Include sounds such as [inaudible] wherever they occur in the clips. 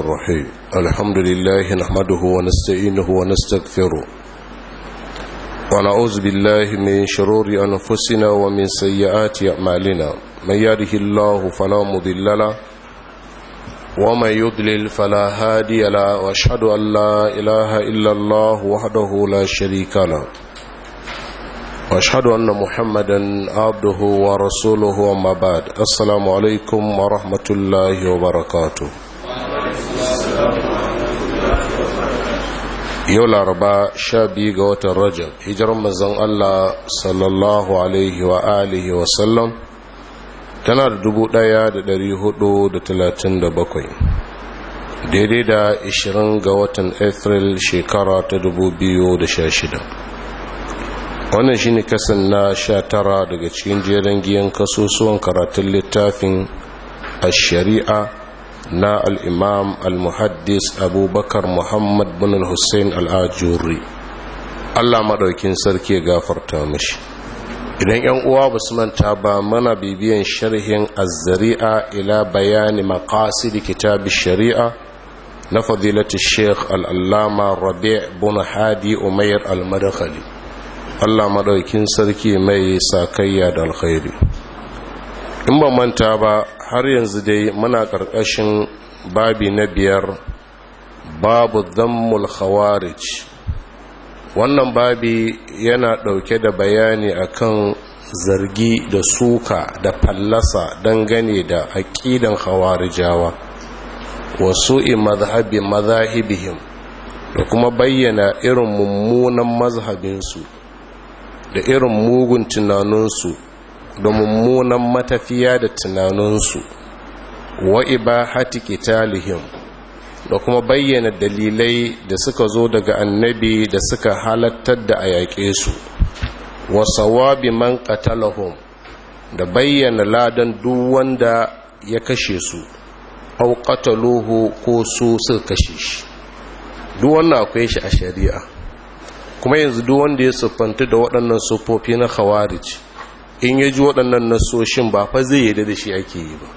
الرحيم الحمد لله نحمده ونستعينه ونستغفره ونعوذ بالله من شرور أنفسنا ومن سيئات أعمالنا من يهده الله فلا مضل له ومن يضلل فلا هادي له واشهد أن لا إله إلا الله وحده لا شريك له واشهد أن محمدا عبده ورسوله وما بعد السلام عليكم ورحمة الله وبركاته yau laraba sha biyu ga watan rajab hijiran mazan allah sallallahu alaihi wa alihi sallam tana da dubu daya da dari hudu da talatin da bakwai daidai da ishirin ga watan april shekara ta dubu biyu da sha shida wannan shine kasan na sha tara daga cikin jerin giyan kasusuwan karatun littafin a shari'a na al'imam al-muhaddis abubakar muhammad bin al-hussein al'ajuri allah maɗaukin sarki gafarta mashi idan yan uwa ba su manta ba mana bibiyan sharhin azzari'a ila bayani maqasid kitabin shari'a na Fadilati sheikh al'allama rabi' bin hadi umair al-madakhali allah maɗaukin sarki mai sakayya da alkhairi in ba manta ba har yanzu dai muna ƙarƙashin babi na biyar babu zammul khawarij wannan babi yana ɗauke da bayani akan zargi da suka da fallasa dangane da aƙidan khawarijawa wasu mazhabi mazahibihim da kuma bayyana irin mummunan mazhabinsu da irin mugun tunaninsu da mummunan matafiya da tunaninsu wa ibahati qitalihim da kuma bayyana dalilai da suka zo daga annabi da suka halattar da a yaƙe su wa sawabi man qatalahum da bayyana ladan duk wanda ya kashe su au qataluhu ko su suka kashe shi duk wannan akwai shi a shari'a kuma yanzu duk wanda ya siffanta da waɗannan sufofi na khawarij in ya ji waɗannan nasoshin ba fa zai yadda da shi ake yi ba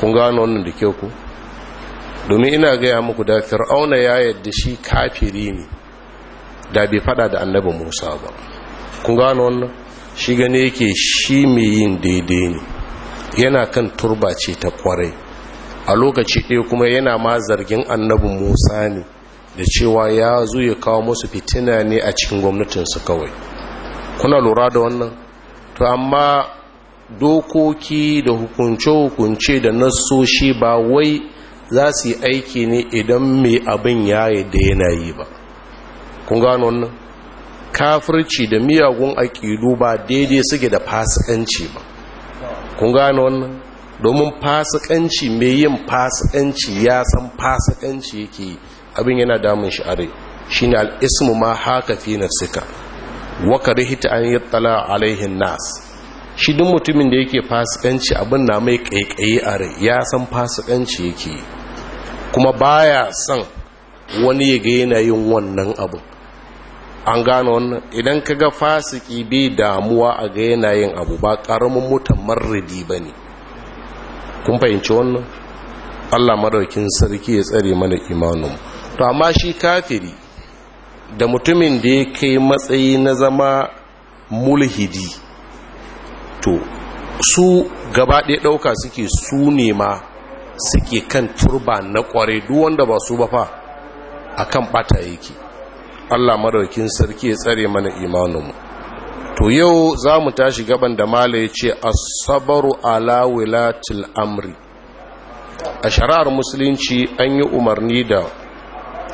kun gano wannan da kyau ku domin ina gaya muku da fir'auna ya yadda shi kafiri ne da bai fada da annabi musa ba kun gano wannan shi gane yake shi mai yin daidai ne yana kan turba ce ta kwarai a lokaci ɗaya kuma yana ma zargin annabi musa ne da cewa ya zo ya kawo musu fitina ne a cikin gwamnatinsu kawai kuna lura da wannan to amma dokoki da hukunce-hukunce da nassoshi ba wai za su yi aiki ne idan mai abin ya da yanayi ba kun gano wannan kafirci da miyagun aƙidu ba daidai suke da fasikanci ba kun gano wannan domin fasikanci mai yin fasikanci ya san fasikanci yake abin yana damun shi are shi ne al'ismu ma haka fi nafsika wa karihta an tsala alaihin nas shi duk mutumin da yake fasikanci abin na mai kaikayi a rai ya san fasikanci yake kuma baya son wani ya ga na yin wannan abu. an gano wannan idan ka ga fasiki bai damuwa a ga yanayin yin abu ba karamin mutan marridi ba ne kun fahimci wannan allah maraukin sarki ya tsare mana imanin to amma shi kafiri da mutumin da ya kai matsayi na zama mulhidi to su gaba ɗaya ɗauka suke su ne ma suke kan turba na ƙware duk wanda ba su ba fa a kan ɓata yake allah maraukin sarki ya tsare mana imaninmu to yau za mu tashi gaban da mala ya ce asabaru ala amri a shari'ar musulunci an yi umarni da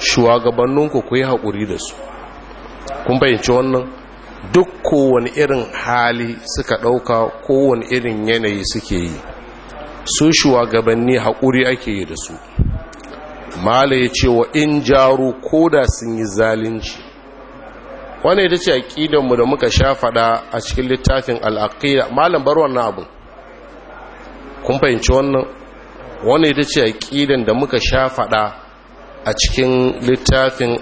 shugabanninku ku yi haƙuri da su kun fahimci wannan duk kowane irin hali suka ɗauka kowane irin yanayi suke yi su shugabanni haƙuri ake yi da su mala ya ce wa in jaru ko da sun yi zalunci wani ita ce aƙidanmu da muka sha faɗa a cikin littafin al'aƙida malam bar wannan abu kun fahimci wannan wani ita ce aƙidan da muka sha faɗa a cikin littafin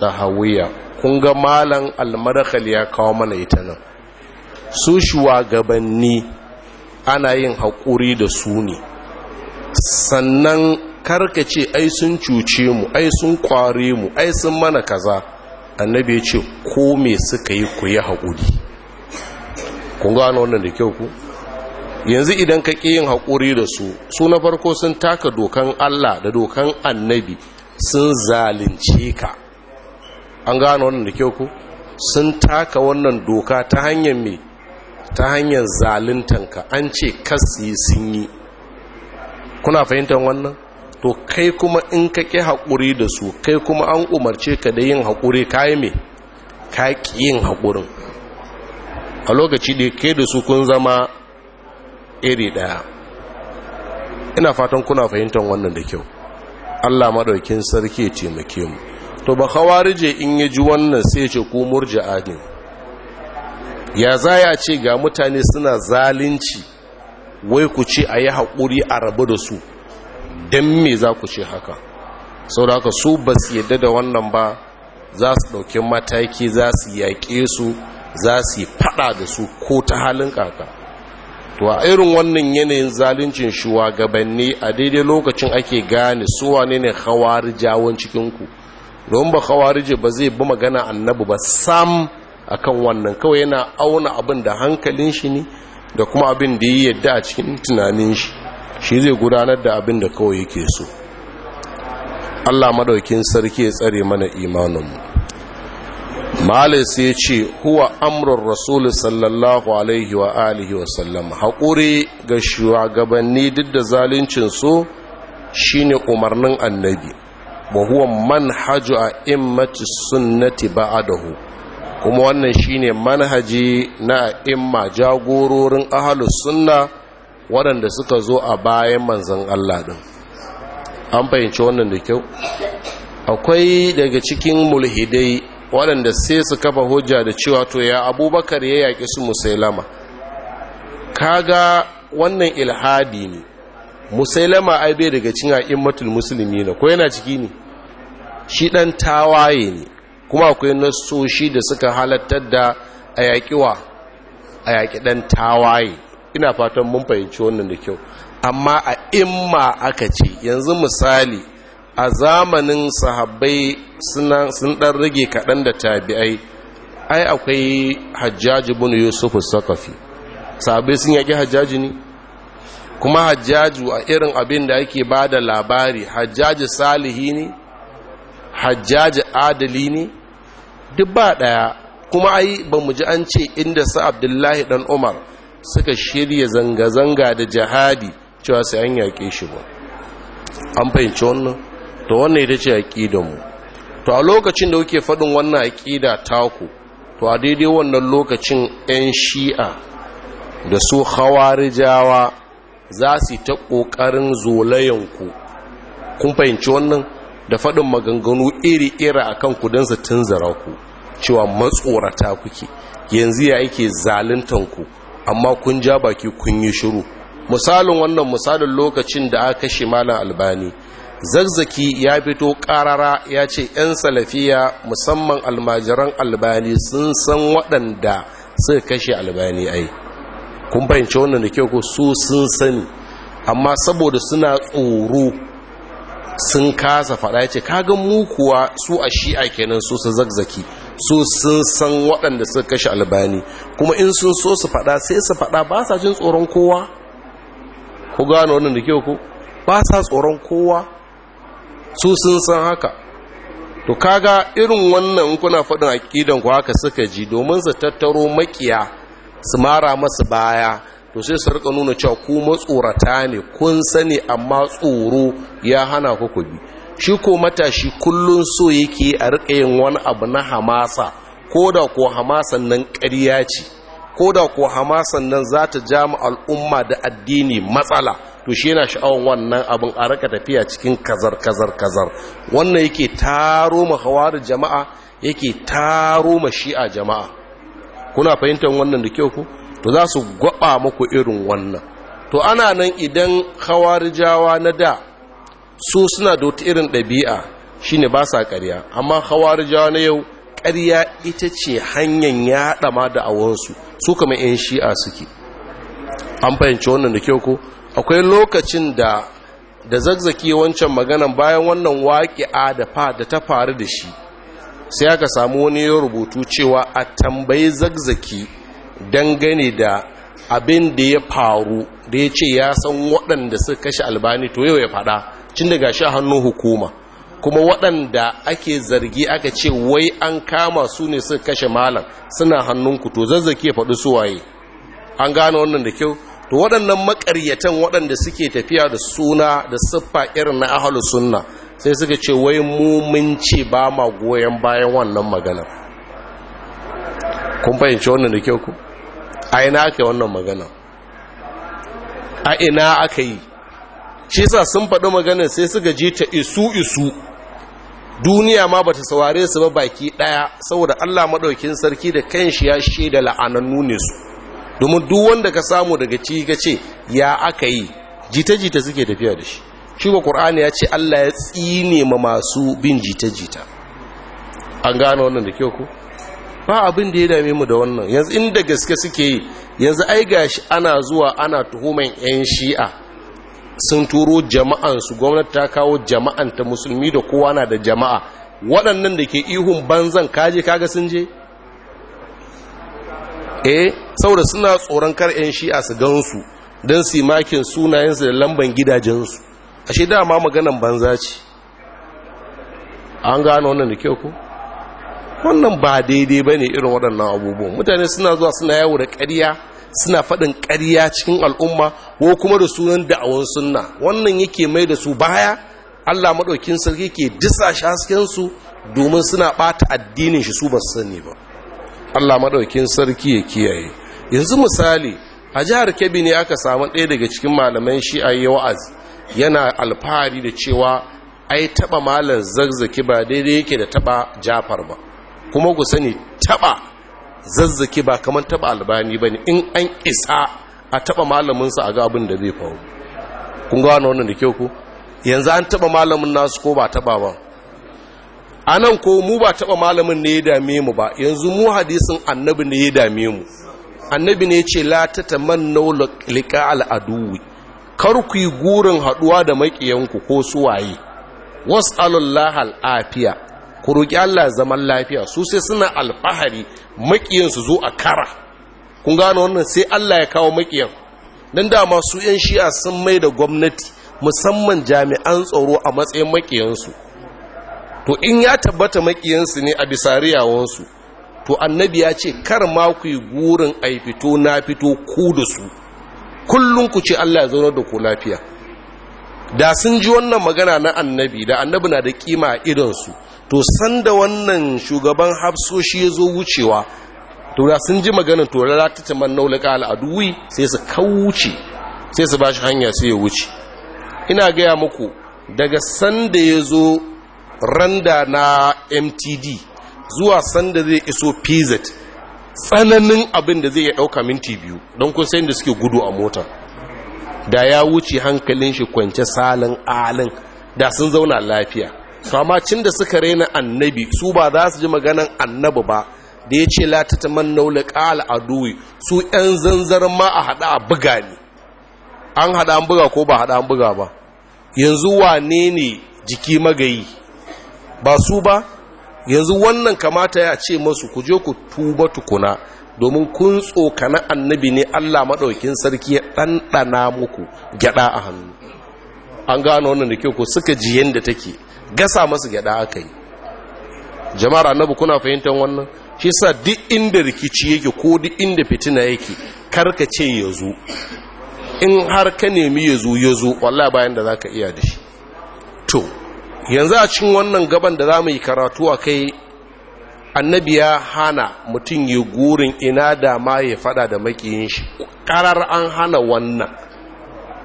ta hawuya kun ga malan almarakal ya kawo mana ita nan su shugabanni ana yin haƙuri da su ne sannan karkace ai sun cuce mu ai sun kware mu ai sun mana kaza annabi ya ce ko me suka yi ku yi haƙuri kun gano wannan da kyau ku yanzu idan ka ƙi yin haƙuri da su su na farko sun taka dokan Allah da dokan annabi sun zalunce ka an gano wannan da kyau ku sun taka wannan doka ta hanyar me ta hanyar zaluntanka an ce kasi sun yi kuna fahimtar wannan to kai kuma in ka ƙi haƙuri da su kai kuma an umarce ka da yin haƙuri ka yi me ka ƙi yin haƙurin a lokaci da ke da su kun zama iri ɗaya ina fatan kuna fahimtar wannan da kyau allah maɗaukin sarki taimake mu to ba kawarije in ya ji wannan sai ce ku murji'a ne ya ya ce ga mutane suna zalunci wai ku ce a yi haƙuri a rabu da su don me za ku ce haka sau da haka su ba su yadda da wannan ba za su ɗauki mataki za su yaƙe su za su yi faɗa da su ko ta halin kaka to a irin wannan yanayin zaluncin shugabanni a daidai lokacin ake gane su wane ne khawarijawan cikin ku don ba khawarije ba zai bi magana annabi ba sam akan wannan kawai yana auna abin da hankalin shi ne da kuma abin da ya yadda a cikin tunanin shi shi zai gudanar da abin da kawai yake so Allah madaukin sarki ya tsare mana imaninmu malin sai ce huwa amurin rasul sallallahu alaihi wa alihi wa sallam haƙuri ga shugabanni duk da zalincin su shine umarnin annabi ba huwa manhaju a immati sunnati hu. kuma wannan shine manhaji na imma jagororin ahlus sunna waɗanda suka zo a bayan manzon Allah ɗin an fahimci wannan da kyau akwai daga cikin mulhidai waɗanda sai su kafa hujja da cewa to ya abubakar ya yaƙi su musailama kaga wannan ilhadi ne musailama ai bai daga cin a'immatul musulmi ne ko yana ciki ne shi ɗan tawaye ne kuma akwai nasoshi da suka halattar da a yaƙiwa a yaƙi ɗan tawaye ina fatan mun fahimci wannan da kyau amma a imma aka ce yanzu misali a zamanin sahabbai sun ɗan rage kaɗan da tabi'ai ai akwai hajjaji bin yusufu sakafi sahabbai sun yaƙi hajjaji ne kuma hajjaju a irin abin da yake ba da labari hajjaji salihi ne hajjaji adali ne duk ba ɗaya kuma ai ba mu ji an ce inda su abdullahi ɗan umar suka shirya zanga-zanga da jihadi cewa sai an yaƙe shi ba an fahimci wannan to wannan ita ce aƙidanmu to a lokacin da kuke faɗin wannan ta taku to a daidai wannan lokacin 'yan shi'a da su hawarijawa za su ta ƙoƙarin zolayenku kun fahimci wannan da faɗin maganganu iri-iri a kan kudinsa tun ku cewa matsorata kuke yanzu ya yake ku amma kun ja baki kun yi shiru misalin wannan misalin lokacin da aka kashe malam albani zazzaki ya fito karara ya ce 'yan salafiya musamman almajiran albani sun san waɗanda suka kashe albani ai kun fahimci wannan da kyau ko su sun sani amma saboda suna tsoro sun kasa faɗa ya ce kagan mukuwa su a shi'a kenan su su zagzaki su sun san waɗanda suka kashe albani kuma in sun so su faɗa sai su faɗa ba sa jin tsoron kowa ku gano wannan da kyau ko ba sa tsoron kowa su sun san haka to kaga irin wannan kuna faɗin aƙidan ku haka suka ji domin su tattaro makiya su mara masu baya to sai su rika nuna cewa ku matsorata ne kun sani amma tsoro ya hana ku ku bi shi ko matashi kullun so yake a rika yin wani abu na hamasa ko da ko hamasan nan ƙarya ce ko da ko hamasan nan za ta ja mu al'umma da addini matsala to shi yana sha'awar wannan abin a raka tafiya cikin kazar kazar kazar wannan yake taro ma hawar jama'a yake taro ma shi'a jama'a kuna fahimtar wannan da kyau ku to za su gwaba muku irin wannan to ana nan idan jawa na da su suna da irin ɗabi'a shine ba sa ƙarya amma jawa na yau ƙarya ita ce hanyar yaɗa ma da awonsu su kama 'yan shi'a suke an fahimci wannan da kyau ko akwai lokacin da da zagzaki wancan maganan bayan wannan waƙi'a da fa da ta faru da shi sai aka samu wani ya rubutu cewa a tambayi zagzaki dangane da abin da ya faru da ya ce ya san waɗanda suka kashe albani to yau ya faɗa cin daga shi hannun hukuma kuma waɗanda ake zargi aka ce wai an kama su ne suka kashe malam suna hannunku to zazzaki ya faɗi suwaye an gane wannan da kyau to waɗannan makaryatan waɗanda suke tafiya da suna da siffa irin na ahalu sunna sai suka ce wai mu mun ce ba ma goyon bayan wannan magana kun fahimci wannan da kyau ku a ina aka yi wannan magana a ina aka yi shi sa sun faɗi maganar sai suka ji ta isu isu duniya ma bata saurare su ba baki ɗaya saboda allah maɗaukin sarki da kanshi ya shaida la'anannu ne su domin duk wanda ka samu daga ci ka ce ya aka yi jita-jita suke tafiya da shi shi ba ƙur'ani ya ce allah ya tsine ma masu bin jita-jita an gane wannan da kyau ku ba abin da ya dame mu da wannan yanzu inda gaske suke yi yanzu ai gashi ana zuwa ana tuhuman 'yan shi'a sun turo jama'ansu gwamnati ta kawo jama'an ta musulmi da kowa na da jama'a waɗannan da ke ihun banzan kaje kaga sun je eh saboda suna tsoron kar 'yan shi'a su gansu don su makin sunayensu da lamban gidajensu ashe dama maganan banza ce an gano wannan da kyau ko wannan ba daidai ba ne irin waɗannan abubuwan mutane suna zuwa suna yawo da ƙarya suna faɗin ƙarya cikin al'umma ko kuma da sunan da'awun sunna wannan yake mai da su baya allah maɗaukin sarki ke disa shaskensu domin suna ɓata addinin shi su basu sani ba Allah maɗaukin sarki ya kiyaye yanzu misali a jihar kebbi ne aka samu ɗaya daga cikin malaman shi'a ya wa'azi yana alfahari da cewa ai taɓa malar zazzaki ba daidai yake da taɓa jafar ba kuma ku sani taɓa zazzaki ba kamar taɓa albani ba in an isa a taɓa malaminsa a ga abin da zai faru kun gano wannan da kyau ku yanzu an taɓa malamin nasu ko ba taɓa ba a nan ko mu ba taɓa malamin ne ya dame mu ba yanzu mu hadisin annabi ne ya dame mu annabi ne ce la ta tamannau liƙa al'aduwi kar ku yi gurin haɗuwa da maƙiyanku ko suwaye was'alullah al'afiya ku roƙi Allah zaman lafiya su sai suna alfahari maƙiyansu zo a kara kun gano wannan sai Allah ya kawo maƙiyan dan da masu yan shi'a sun mai da gwamnati musamman jami'an tsaro a matsayin maƙiyansu to in ya tabbata makiyansu ne a bisa to annabi ya ce kar ma ku yi gurin a fito na fito ku da su kullum ku ce Allah ya zaunar da ku lafiya da sun ji wannan magana na annabi da annabi na da kima a idonsu to sanda wannan shugaban hafsoshi ya zo wucewa to da sun ji maganin to rara ta ta taman naulaka al'aduwi sai su kauce sai su ba shi hanya sai ya wuce ina gaya muku daga sanda ya zo randa na mtd zuwa sanda zai iso pz tsananin abin da zai ya ɗauka minti biyu don kun sayin da suke gudu a mota da ya wuce hankalin shi kwance salin alin da sun zauna lafiya amma cin da suka raina annabi su ba za su ji maganan annabi ba da ya ce latata man naula ƙala duwi su 'yan zanzar ma a haɗa a buga ne an haɗa an buga ko ba haɗa an buga ba yanzu wane ne jiki magayi ba su ba yanzu wannan kamata ya ce masu ku je ku tuba tukuna domin kun tsokana annabi ne Allah maɗaukin sarki ya ɗanɗana muku gyaɗa a hannu an gano wannan da kyau ko suka ji yadda take gasa masu gyaɗa aka yi jama'ar annabi kuna fahimtar wannan shi sa duk inda rikici yake ko duk inda fitina yake karka ce ya zo in har ka nemi ya zo ya zo wallah bayan da za ka iya da shi to yanzu a cikin wannan gaban da za mu yi karatu a kai annabi ya hana mutum yi gurin ina da ma ya fada da makiyin shi karar an hana wannan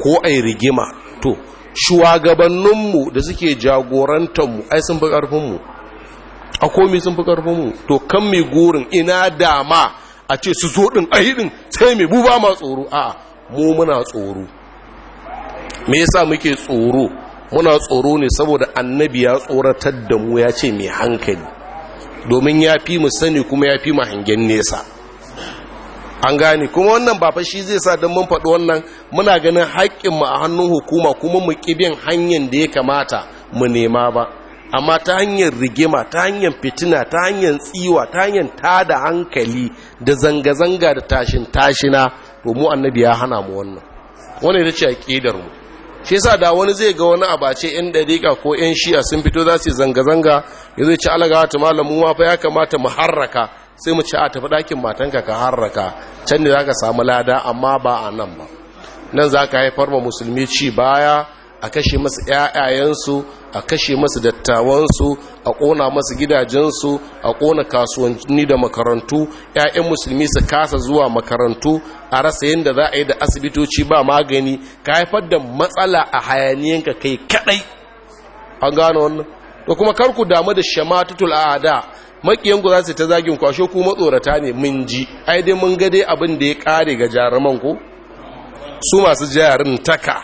ko a yi rigima to shugabanninmu da suke jagorantarmu ai sun fi ƙarfinmu a komi sun fi ƙarfinmu to kan mai gurin ina da ma a ce su zo ɗin ahidin sai mai buba ma tsoro a mu muna tsoro me yasa muke tsoro muna tsoro ne saboda annabi ya tsoratar da mu ya ce mai hankali domin ya fi mu sani kuma ya fi mu nesa an gane kuma wannan ba shi zai sa don mun faɗi wannan muna ganin haƙƙinmu a hannun hukuma kuma mu bin hanyar da ya kamata mu nema ba amma ta hanyar rigima ta hanyar fitina ta hanyar tsiwa ta hanyar tada hankali da zanga-zanga da tashin tashina to mu annabi ya hana mu wannan wannan ita ce a ƙidarmu mu shi yasa da wani zai ga wani abace yan dariƙa ko yan shi'a sun fito za su zanga-zanga ya zai ci alaga ta malamu ma fa ya kamata mu harraka sai mu ci a tafi dakin matanka ka harraka can ne za ka samu lada amma ba a nan ba nan za ka haifar wa musulmi ci baya a kashe masu 'ya'yayensu a kashe masu dattawansu a ƙona masu gidajensu a ƙona kasuwanni da makarantu 'ya'yan musulmi su kasa zuwa makarantu a rasa yadda za a yi da asibitoci ba magani ka haifar da matsala a hayaniyanka kai kaɗai. an gano wannan da kuma karku damu da shama a ada makiyanku za su ta zagin kwashe kuma tsorata ne mun ji ai dai mun ga dai abin da ya kare ga jaruman ku su masu jarin taka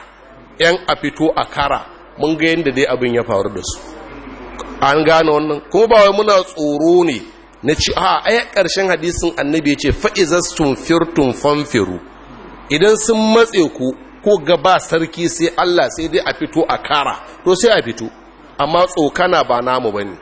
yan a fito a kara mun ga yadda dai abin ya faru da su an gane wannan kuma ba wai muna tsoro ne na ci a aya ƙarshen hadisin annabi ya ce fa'izastun firtun fanfiru idan sun matse ku ko gaba sarki sai Allah sai dai a fito a kara to sai a fito amma tsokana ba namu ba ne.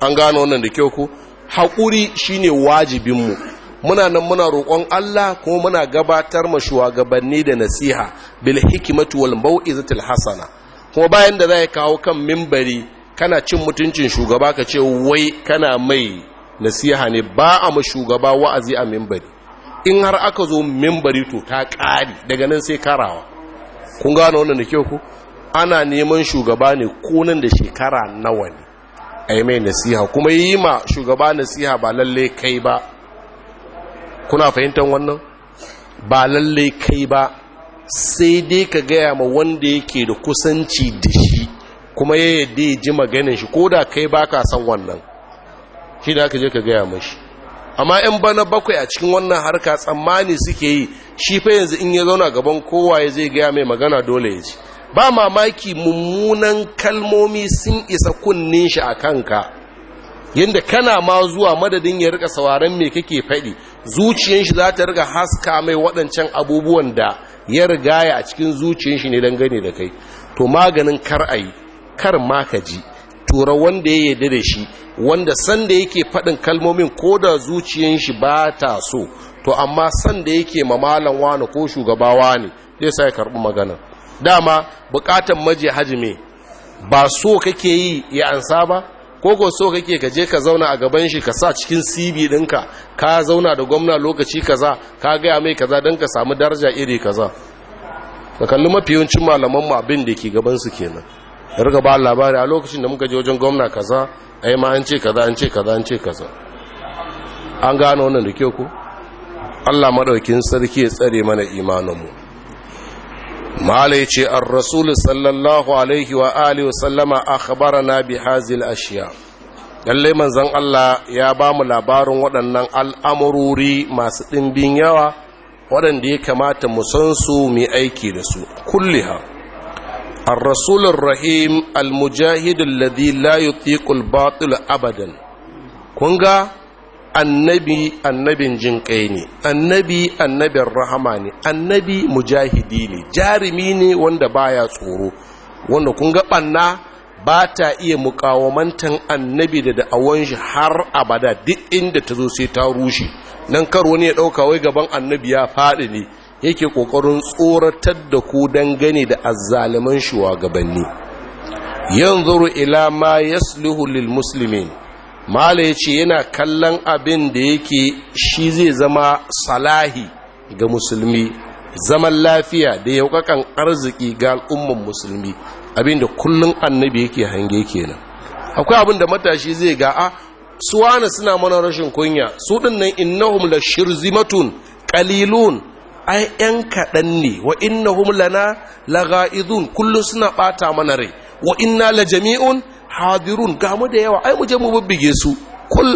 an gane wannan da kyau ku haƙuri shine wajibinmu muna nan muna roƙon Allah kuma muna gabatar ma shugabanni da nasiha bil hikimatu wal mau'izatil hasana kuma bayan da za kawo kan mimbari kana cin mutuncin shugaba ka ce wai kana mai nasiha ne ba a ma shugaba wa'azi a mimbari in har aka zo mimbari to ta ƙari daga nan sai karawa kun gano wannan da kyau ku ana neman shugaba ne kunan da shekara nawa ne a yi mai nasiha kuma yi ma shugaba nasiha ba lalle kai ba kuna fahimtar wannan ba lalle kai ba sai dai ka gaya ma wanda yake da kusanci da shi kuma ya yadda ya ji maganin shi ko da kai ba ka san wannan shi da aka je ka gaya mashi amma in bana bakwai a cikin wannan harka tsammani suke yi shi fa yanzu in ya zauna gaban kowa ya zai gaya mai magana dole ya ji ba mamaki mummunan kalmomi sun isa kunnin shi a kanka yadda kana ma zuwa madadin ya rika sauraron me kake faɗi zuciyan shi za ta rika haska mai waɗancan abubuwan da ya rigaya a cikin zuciyar shi ne dangane da kai to maganin kar a yi kar ma ka ji tura wanda ya yi da shi wanda sanda yake faɗin kalmomin ko da zuciyar shi ba ta so to amma sanda yake mamalan wani ko shugabawa ne zai sa ya karɓi magana dama bukatan maje hajime ba so kake yi ya ansa ba ko so kake ka je ka zauna a gaban shi ka sa cikin CV ɗinka ka zauna da gwamna lokaci kaza ka gaya mai kaza don ka samu daraja iri kaza ka kalli mafi yawancin malaman mu abin da ke gaban su kenan ya ba labari a lokacin da muka je wajen gwamna kaza a ma an ce kaza an ce kaza an ce kaza an gano wannan da kyau ko Allah madaukin sarki ya tsare mana imanin mu mala ce, ar rasulu sallallahu alaihi wa alihi sallama akhbarana bi hazil ashiya laiman manzon Allah ya ba mu labarin waɗannan al'amurori masu ɗimbin yawa waɗanda ya kamata mu san su mai aiki da su kulliha rahim al المجاهد ladi layu يطيق batul abadan. kunga. annabi annabin jinƙai ne annabi annabin rahama ne annabi mujahidi ne jarumi ne wanda baya tsoro wanda kun ga ɓanna ba ta iya mukawamantan annabi da da'awon shi har abada duk inda ta zo sai ta rushe nan kar wani ya ɗauka wai gaban annabi ya faɗi ne yake ƙoƙarin tsoratar da ku dangane da azzaliman shugabanni yanzuru ila ma yaslihu lil muslimin mala ya ce yana kallon abin da yake shi zai zama salahi ga musulmi zaman lafiya da hukakan arziki ga al'umman musulmi abin da kullum annabi yake hange kenan akwai abin da matashi zai ga a ah, suwana suna mana rashin kunya su dinnan innahum la shirzimatun qalilun ai yan kaɗan ne wa innahum lana laga'idun kullum suna ɓata mana rai wa inna la jami'un hadirun gamu da yawa ai mu je mu bibbige su kul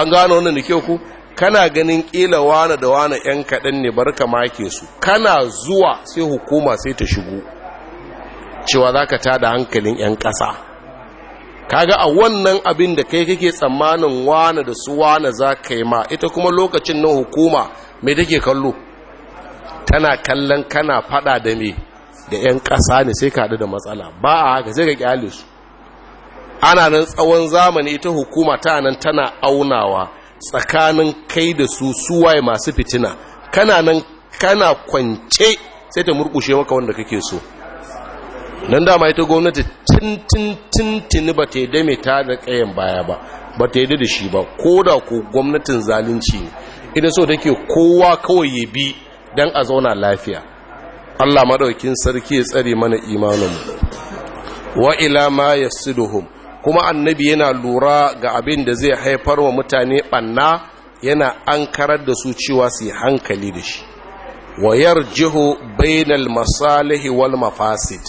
an gano wannan da ku kana ganin kila wana da wana yan kaɗan ne barka make su kana zuwa sai hukuma sai ta shigo cewa zaka ka tada hankalin yan kasa kaga a wannan abin da kai kake tsammanin wana da su wana za ka yi ma ita kuma lokacin na hukuma mai take kallo tana kallon kana fada da me da 'yan ƙasa ne sai ka haɗu da matsala ba a haka sai ka ƙyale su ana nan tsawon zamani ita hukuma ta nan tana aunawa tsakanin kai da su suwaye masu fitina kana nan kana kwance sai ta murkushe maka wanda kake so nan dama ita gwamnati tintintintini ba ta yi dame ta da ƙayan baya ba ba ta yi da shi ba ko da ko gwamnatin zalunci ne ita so take kowa kawai ya bi don a zauna lafiya Allah maɗaukin sarki ya tsare mana imaninmu wa ila ma yasiduhum kuma annabi yana lura ga abin da zai haifar wa mutane ɓanna yana ankarar da su cewa su hankali da shi wa yarjihu bainal masalihi wal mafasid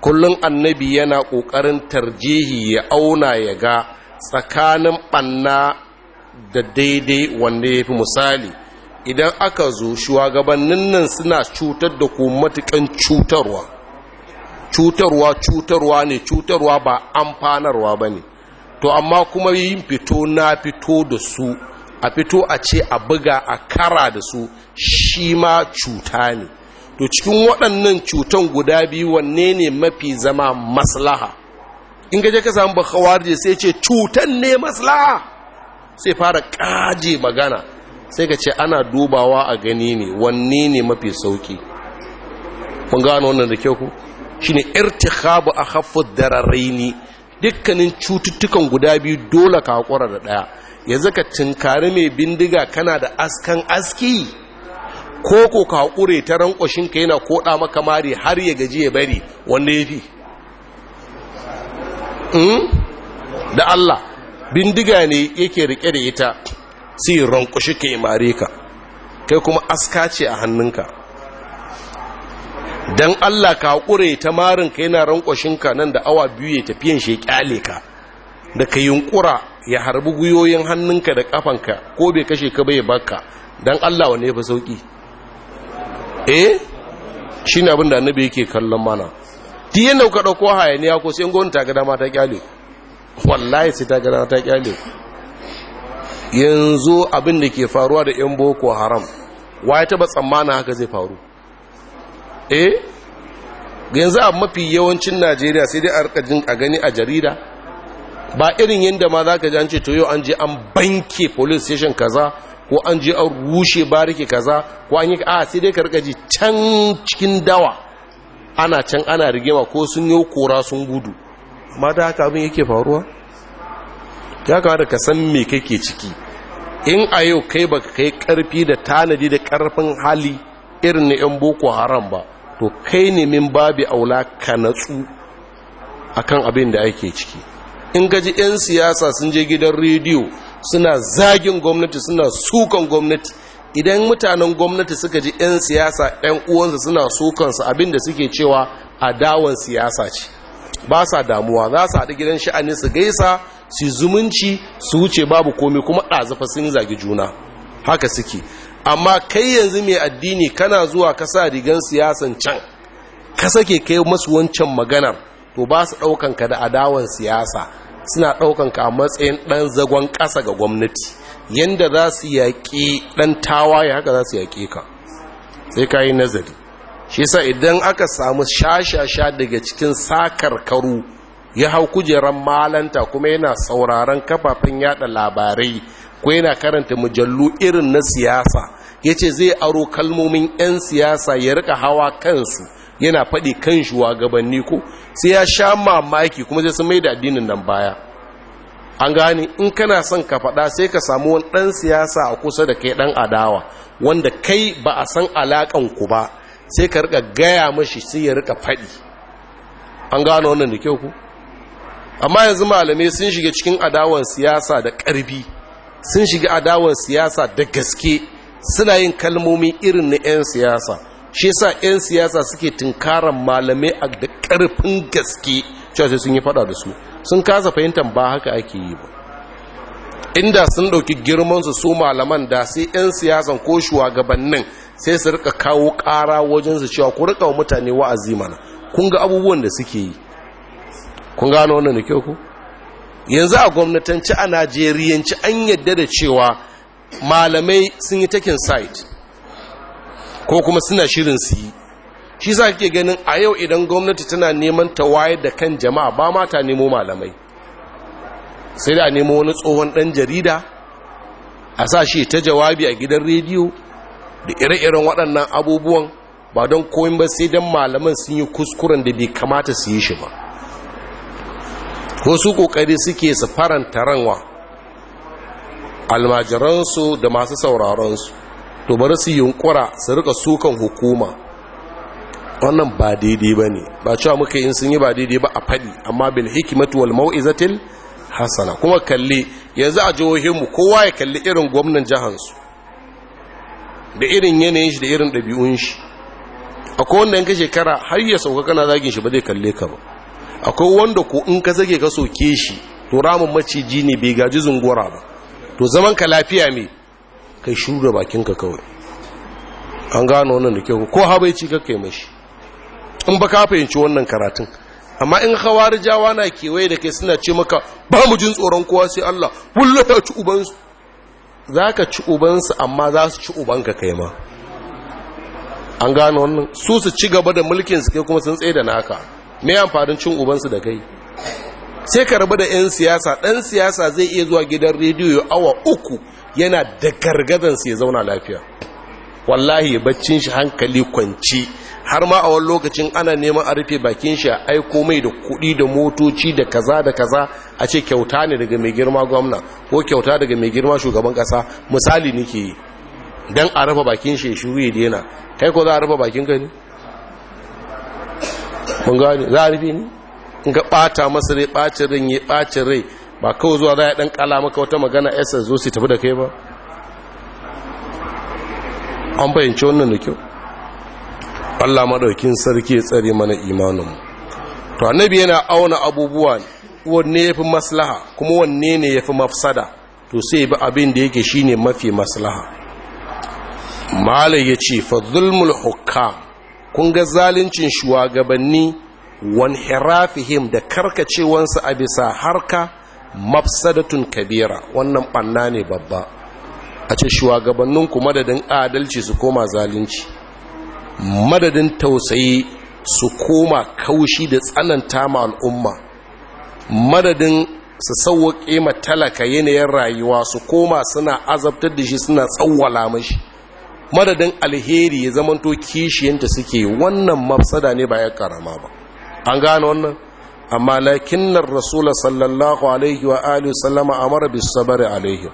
kullum annabi yana ƙoƙarin tarjihi ya auna ya ga tsakanin ɓanna da daidai wanda ya fi misali idan aka zo shugabannin nan suna cutar da ku matukan cutarwa cutarwa cutarwa ne cutarwa ba amfanarwa ba ne to amma kuma yin fito na fito da su a fito a ce a buga a kara da su shi ma cuta ne to cikin waɗannan cutan guda biyu wanne ne mafi zama maslaha in gaje ka samu bakawar sai ce cutan ne maslaha sai fara ƙaje magana sai ka ce ana dubawa a gani ne wanne ne mafi sauki kun gano wannan da kyau ku shine irtikhabu akhaffu dararaini dukkanin cututtukan guda biyu dole ka hakura da ɗaya? yanzu ka tinkari mai bindiga kana da askan aski ko ko ka hakure ta rankwashin ka yana koda maka mari har ya gaji ya bari wanda yafi hmm? da Allah bindiga ne yake rike da ita sai ronkushi ka mare ka kai kuma aska ce a hannunka don allah ka haƙure ta ka yana ka nan da awa biyu ya tafiyan shi kyale ka da ka yunkura ya harbi guyoyin hannunka da kafanka ko bai kashe ka bai baka don allah wane ya fi sauƙi eh shi ne abin da annabi yake kallon mana ti yadda kuka ɗauko hayaniya ko sai gwamnati ta ga dama ta kyale wallahi sai ta ga dama ta kyale yanzu abin da ke faruwa da 'yan boko haram wa ya taba tsammana haka zai faru eh yanzu a mafi yawancin najeriya sai dai a jin a gani a jarida ba irin yadda ma za ka ji an ce to yau an je an banke police station kaza ko an je an rushe bariki kaza ko an yi a sai dai ka ji can cikin dawa ana can ana rigima ko sun yi kora sun gudu ma da haka abin yake faruwa ya kawo ka san me kake ciki in a yau kai baka kai karfi da tanadi da karfin hali irin na 'yan boko haram ba to kai ne min babi aula ka natsu akan abin da ake ciki in gaji 'yan siyasa sun je gidan rediyo suna zagin gwamnati suna sukan gwamnati idan mutanen gwamnati suka ji 'yan siyasa 'yan uwansa suna sukan su, abin da suke cewa a adawan siyasa ce ba sa damuwa za su haɗu gidan sha'ani su gaisa su zumunci su wuce babu komai kuma ɗazafa sun zagi juna haka suke amma kai yanzu mai addini kana zuwa kasa rigar rigan siyasan can ka sake kai masu wancan maganar to ba su ka da adawan siyasa suna ka a matsayin ɗan zagon ƙasa ga gwamnati yadda za su yaƙi ɗan tawaye haka za su yaƙe ka sai ka yi nazari shi sa idan aka samu shashasha daga cikin sakar karu ya hau kujeran malanta kuma yana sauraron kafafen yada labarai ko yana karanta mujallu irin na siyasa ya ce zai aro kalmomin 'yan siyasa ya rika hawa kansu yana faɗi kan shugabanni ko sai ya sha mamaki kuma zai sun mai da addinin nan baya an gane in kana son ka faɗa sai ka samu wani ɗan siyasa a kusa da kai ɗan adawa wanda kai ba a san alaƙan ku ba sai ka rika gaya mashi sai ya rika faɗi an gano wannan da kyau ku amma yanzu malamai sun shiga cikin adawar siyasa da ƙarfi sun shiga adawar siyasa da gaske suna yin kalmomi irin na 'yan siyasa shi sa 'yan siyasa suke tunkaran malamai a da ƙarfin gaske cewa sai sun yi fada da su sun kasa fahimtar ba haka ake yi ba inda sun ɗauki girmansu su malaman da sai 'yan siyasan ko shugabannin sai su rika kawo ƙara wajensu cewa ku rika wa mutane wa'azi mana kun ga abubuwan da suke yi kun gano wannan da kyau ku yanzu a gwamnatanci a najeriyanci an yadda da cewa malamai sun yi takin site ko kuma suna shirin su yi shi ka ke ganin a yau idan gwamnati tana neman ta wayar da kan jama'a ba ma ta nemo malamai sai da nemo wani tsohon ɗan jarida a sa shi ta jawabi a gidan rediyo da ire-iren waɗannan abubuwan ba don koyin ba sai don malaman sun yi kuskuren da bai kamata su yi shi ba ko su kokari suke su faranta ranwa almajiransu da masu sauraronsu to bari su yunkura su rika sukan hukuma wannan ba daidai ba ne ba cewa muka yin sun yi ba daidai ba a fadi amma bil hikimatu wal mau'izatil hasana kuma kalli yanzu a jihohinmu kowa ya kalli irin gwamnan jihansu da irin yanayin shi da irin ɗabi'un shi A wanda yanka shekara har ya sauka kana zagin shi ba zai kalle ka ba akwai wanda ko in ka zage ka soke shi to ramin maciji ne bai gaji zungura ba to zaman ka lafiya ne, kai bakin bakinka kawai an gano wannan da kyau ko habaici ka kai mashi in ba ka fahimci wannan karatun amma in hawar jawa na kewaye da kai suna ce maka ba mu jin tsoron kowa sai Allah wullata ci ubansu za ka ci ubansu amma za su ci ubanka kai ma an gano wannan su su ci gaba da mulkin su kai kuma sun tsaye da naka me amfanin cin ubansu da kai sai ka rabu da 'yan siyasa ɗan siyasa zai iya zuwa gidan rediyo awa uku yana da su ya zauna lafiya wallahi baccin shi hankali kwanci har ma a wani lokacin ana neman a rufe bakin shi a aiko mai da kuɗi da motoci da kaza da kaza a ce kyauta ne daga mai girma gwamna ko kyauta daga mai girma shugaban kasa misali nake yi don a rufe bakin shi ya shiru ya daina kai ko za a rufe bakin ka mun gane za a in ga ɓata masa rai ɓacin rai ya rai ba kawai zuwa za a ɗan ƙala maka wata magana yasa zo su tafi da kai ba an fahimci wannan da kyau allah madaukin sarki ya tsare mana imanin mu. to annabi yana auna abubuwa wanne ya maslaha kuma wanne ne yafi mafsada to sai bi abin da yake shine mafi maslaha malai yace ce fa zulmul hukam kun ga zaluncin shugabanni wan hirafihim da karkacewansu a bisa harka mafsadatun kabira wannan ɓanna ne babba a ce shugabannin ku madadin adalci su koma zalunci madadin tausayi su koma kaushi da tsananta ma al'umma madadin su sauwaƙe ma talaka yanayin rayuwa su koma suna azabtar da shi suna tsawwala mashi madadin alheri ya zamanto kishiyanta suke wannan mafsada ne ba ya karama ba an gane wannan amma lakinnar rasul sallallahu alaihi wa alihi sallama amara bi sabari alaihi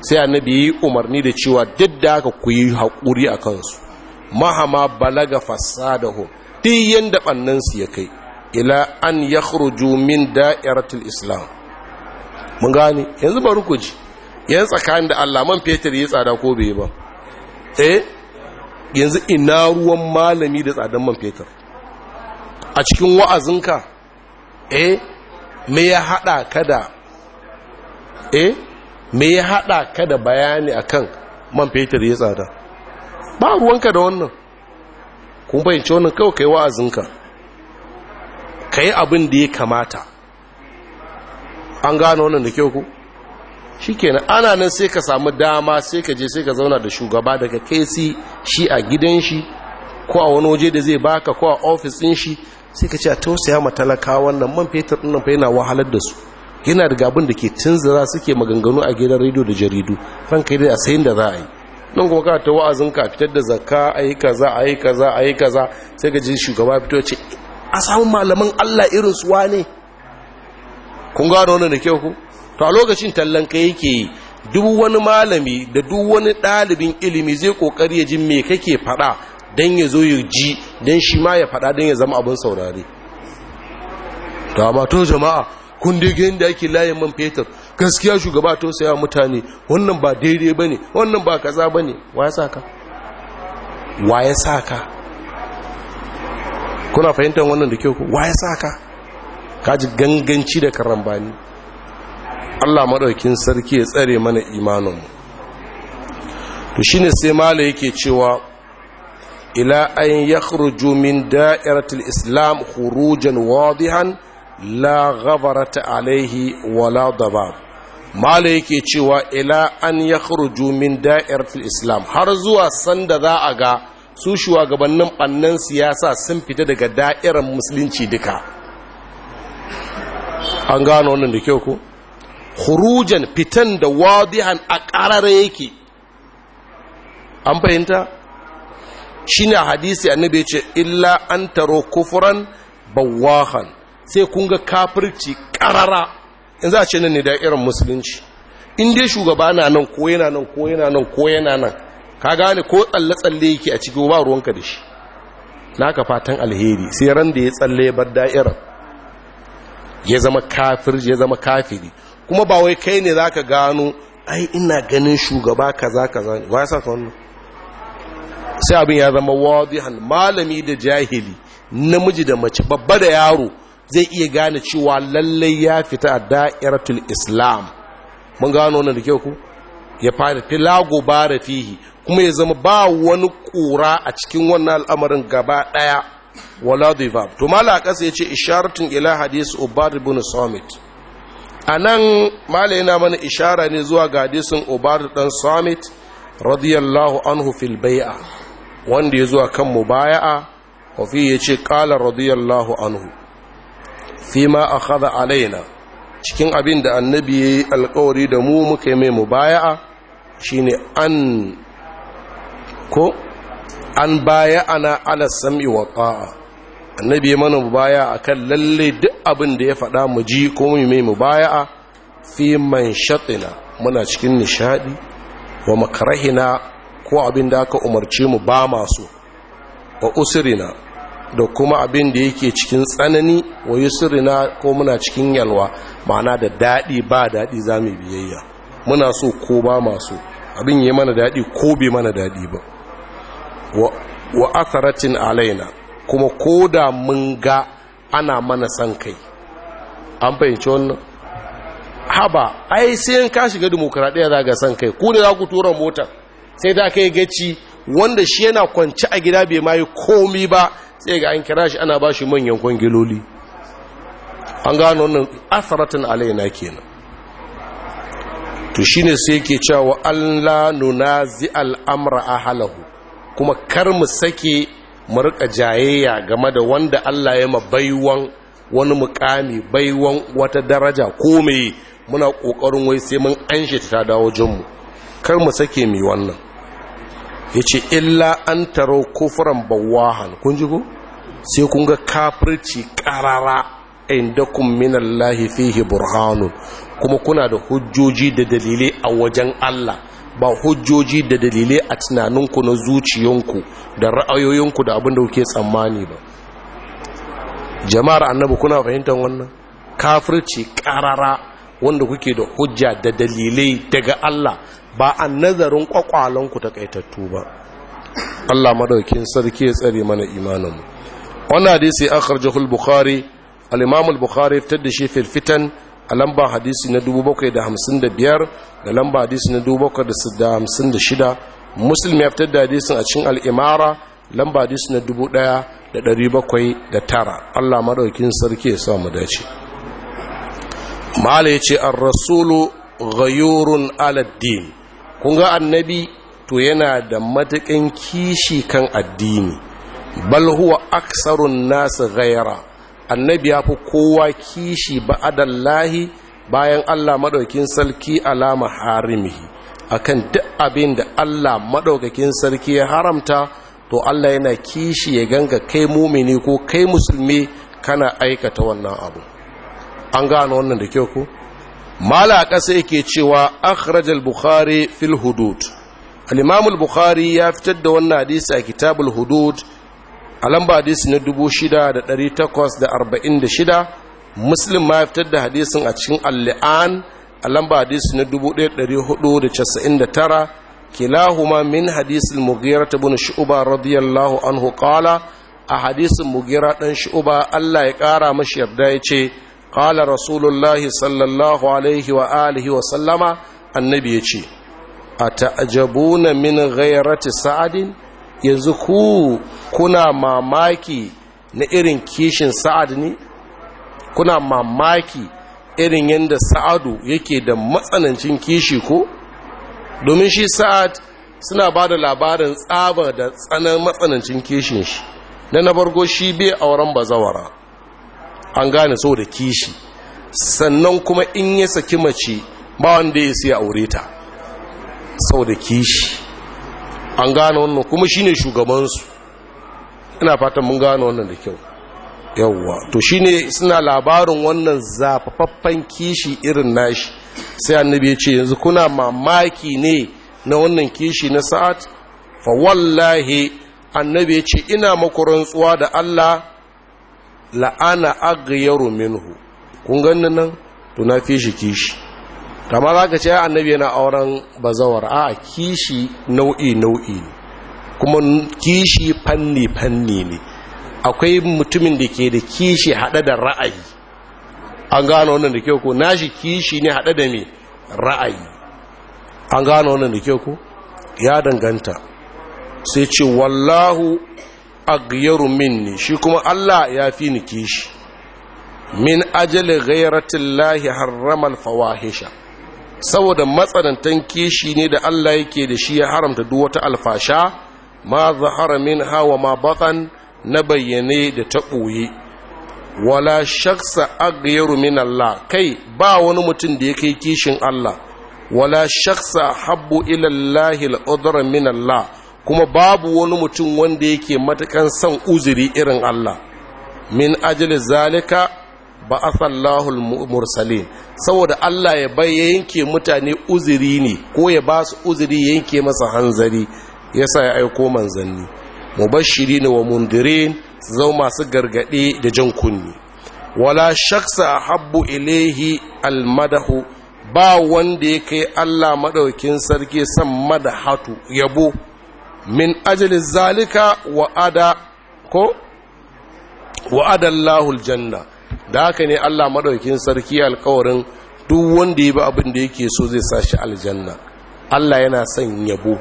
sai annabi yi umarni da cewa duk da aka ku yi hakuri a kansu mahama balaga fasadahum duk yanda bannan su ya kai ila an yakhruju min da'iratul islam mun gane yanzu bari ku ji yan tsakanin da Allah man fetur yi tsada ko bai ba Eh? yanzu ina ruwan malami da tsadan man fetur a cikin wa'azinka eh me ya hada kada da eh me ya hada kada bayani akan man fetur ya tsada ba ruwanka da wannan kun fahimci wannan kawai kai wa'azinka kai abin da ya kamata an gano wannan da kyau ku shikenan ana nan sai ka samu dama sai ka je sai ka zauna da shugaba daga kai shi a gidan shi ko a wani waje da zai baka ko a ofis din shi sai ka ce a tausaya ma talaka wannan man fetur din nan fa yana wahalar da su yana da gabin da ke tunzura suke maganganu a gidan rediyo da jaridu ranka dai a sayin da za a yi nan kuma ka ta wa'azin ka fitar da zakka a yi kaza a yi kaza a yi kaza sai ka ji shugaba fito ce a samu malaman Allah irin su wane kun gano wannan da kyau ku to a lokacin tallan ka yake yi duk wani malami da duk wani ɗalibin ilimi zai ƙoƙari ya ji me kake faɗa don ya zo ya ji don shi ma ya faɗa don ya zama abin saurare to amma to jama'a kun daga yadda ake layin man fetur gaskiya shugaba to ya mutane wannan ba daidai ba ne wannan ba kaza ba ne wa ya sa ka wa ya sa ka kuna fahimtar wannan da kyau wa ya sa ka kaji ganganci da karambani Allah maɗaukin sarki ya tsare mana imaninmu to shine sai mala yake cewa ila an yakhruju min da'iratul islam khurujan wadihan la Alayhi alaihi wala dabab mala yake cewa ila an yakhruju min da'iratul islam har zuwa sanda za a ga su shugabannin bannan siyasa sun fita daga da'irar musulunci duka an gano wannan da kyau ko khurujan fitan da wadihan a ƙarare yake an fahimta shi ne hadisi annabi ya ce illa an taro kufuran bawahan sai kun ga kafirci ƙarara in za a ce nan ne da irin musulunci in dai shugaba na nan ko yana nan ko yana nan ko yana nan ka gane ko tsalle-tsalle yake a cikin ba ruwanka da shi na ka fatan alheri sai ran da ya tsalle bar da'irar ya zama kafir ya zama kafiri kuma ba wai kai ne zaka gano ai ina ganin shugaba kaza kaza ne ba sa ka wannan sai abin ya zama wadihan malami da jahili namiji da mace babba da yaro zai iya gane cewa lallai ya fita a da'iratul islam mun gano wannan da kyau ku ya fara filago bara fihi kuma ya zama ba wani kura a cikin wannan al'amarin gaba daya wala dhibab to mala kasa yace isharatin ila hadis ubad ibn samit a nan mala yana mana ishara ne zuwa ga hadisin ubadu dan samit radiyallahu anhu fil bai'a wanda ya zuwa kan mubaya'a wa fi ya ce kala radiyallahu anhu fi ma akhadha alaina cikin abin da annabi ya yi alkawari da mu muka yi mai mubaya'a shine an ko an baya'ana ala sam'i wa annabi ya mana mubaya kan lalle duk abin da ya faɗa mu ji ko mu mai mubaya fi man shatina muna cikin nishadi wa makarahina ko abin da aka umarci mu ba masu wa usirina da kuma abin da yake cikin tsanani wa yusirina ko muna cikin yalwa ma'ana da daɗi ba daɗi za mu biyayya muna so ko ba masu abin yi mana daɗi ko bai mana daɗi ba wa asaratin alaina kuma ko da mun ga ana mana san kai an fahimci wannan haba ai sai in ka shiga dimokuraɗiyya za ga san kai ku ne za ku tura motar sai da kai gaci wanda shi yana kwanci a gida bai ma yi komi ba sai ga an kira shi ana ba shi manyan kwangiloli an gano wannan asaratin alaina kenan to shine sai yake cewa Allah nunazi al'amra halahu kuma kar mu sake mu rika jayayya game da wanda Allah ya baiwan wani mukami baiwan wata daraja ko mai muna kokarin wai sai mun anshe ta dawo jinmu kar mu sake mi wannan yace illa an taro kufran bawahan kun ji ko sai kun ga kafirci karara indakum minallahi fihi burhanun kuma kuna da hujjoji da dalilai a wajen Allah ba hujjoji da dalilai a tunaninku na zuciyanku da ra'ayoyinku da abin da kuke tsammani ba jama'ar annabi kuna fahimtar wannan kafirci karara wanda kuke da hujja da dalilai daga Allah ba a nazarin ta kaitattu ba Allah madaukin sarki ya tsare mana imaninmu wannan hadisi akhrajahu al-bukhari al-imam al-bukhari fitar da shi fil fitan a lamba hadisi na 755 da lamba hadisi na 756 muslim ya fitar da hadisin a cikin al'imara lamba hadisi na 1709 allah maɗaukin sarki ya samu dace mala ce an rasulu ghayurun aladdin kun ga annabi to yana da matakin kishi kan addini bal huwa aksarun nasu ghayara annabi ya fi kowa kishi ba'adallahi bayan Allah maɗaukin sarki alama harimi akan duk abin da Allah maɗaukakin sarki ya haramta to Allah yana kishi ya ganga kai mumini ko kai musulmi kana aikata wannan abu an gano wannan da kyau ku. mala ƙasa yake cewa akhrajal bukhari fil hudud al bukhari ya fitar da wannan hadisi a kitabul hudud a lamba hadisi na 6846 muslim ma ya fitar da hadisin a cikin alli'an a lamba hadisi na 1499 kilahuma min hadisin mugira ta bin shu'uba radiyallahu anhu qala a hadisin mugira dan shu'uba Allah ya kara mashi yarda ya ce qala rasulullahi sallallahu alaihi wa alihi wa sallama annabi ya ce atajabuna min ghairati sa'adin yanzu ku kuna mamaki na irin kishin sa'ad ne kuna mamaki irin yadda sa'adu yake da matsanancin kishi ko domin shi sa'ad suna ba da labarin tsaba da tsanan matsanancin kishin shi na na bargo shi bai auren bazawara an gane so da kishi sannan kuma in ya saki mace ba wanda ya sai aure ta sau da kishi an gane wannan kuma shi ne shugabansu ina fatan mun gane wannan da kyau yawwa to shi ne suna labarin wannan zafafaffen kishi irin nashi sai annabi ya ce yanzu kuna mamaki ne na wannan kishi na sa'ad fa wallahi annabi ya ce ina maku rantsuwa da Allah la'ana aghyaru minhu kun ganin nan to na fi shi kishi kama za ka ce ya annabi yana auren bazawar a kishi nau'i-nau'i kuma kishi fanni-fanni ne akwai mutumin da ke da kishi hada da ra'ayi an gano wannan da kyau ko nashi kishi ne hada da mai ra'ayi an gano wannan da kyau ko ya danganta sai ce wallahu aghyaru minni shi kuma Allah ya fi ni kishi min ajali ghayratillahi harramal fawahisha saboda matsanantan kishi ne da Allah yake da shi ya haramta duk wata alfasha ma zahara min hawa ma batan na bayyane da ta ɓoye wala shaksa agyaru min Allah kai ba wani mutum da ya kai kishin Allah wala shaksa habbu ila Allah min Allah kuma babu wani mutum wanda yake matakan son uzuri irin Allah min ajili zalika ba asallahul mursalin saboda Allah ya bai yanke mutane uzuri ne ko ya ba su uzuri yanke masa hanzari yasa ya aiko manzanni mubashirin wa mundirin su zama masu gargade da jan kunni wala shaksa habbu ilaihi almadahu ba wanda ya kai Allah madaukin sarki san madahatu yabo min ajli zalika wa ada ko wa adallahu aljanna da haka ne Allah madaukin sarki alƙawarin duk wanda ya bi abin da yake so zai sa shi aljanna Allah yana son yabo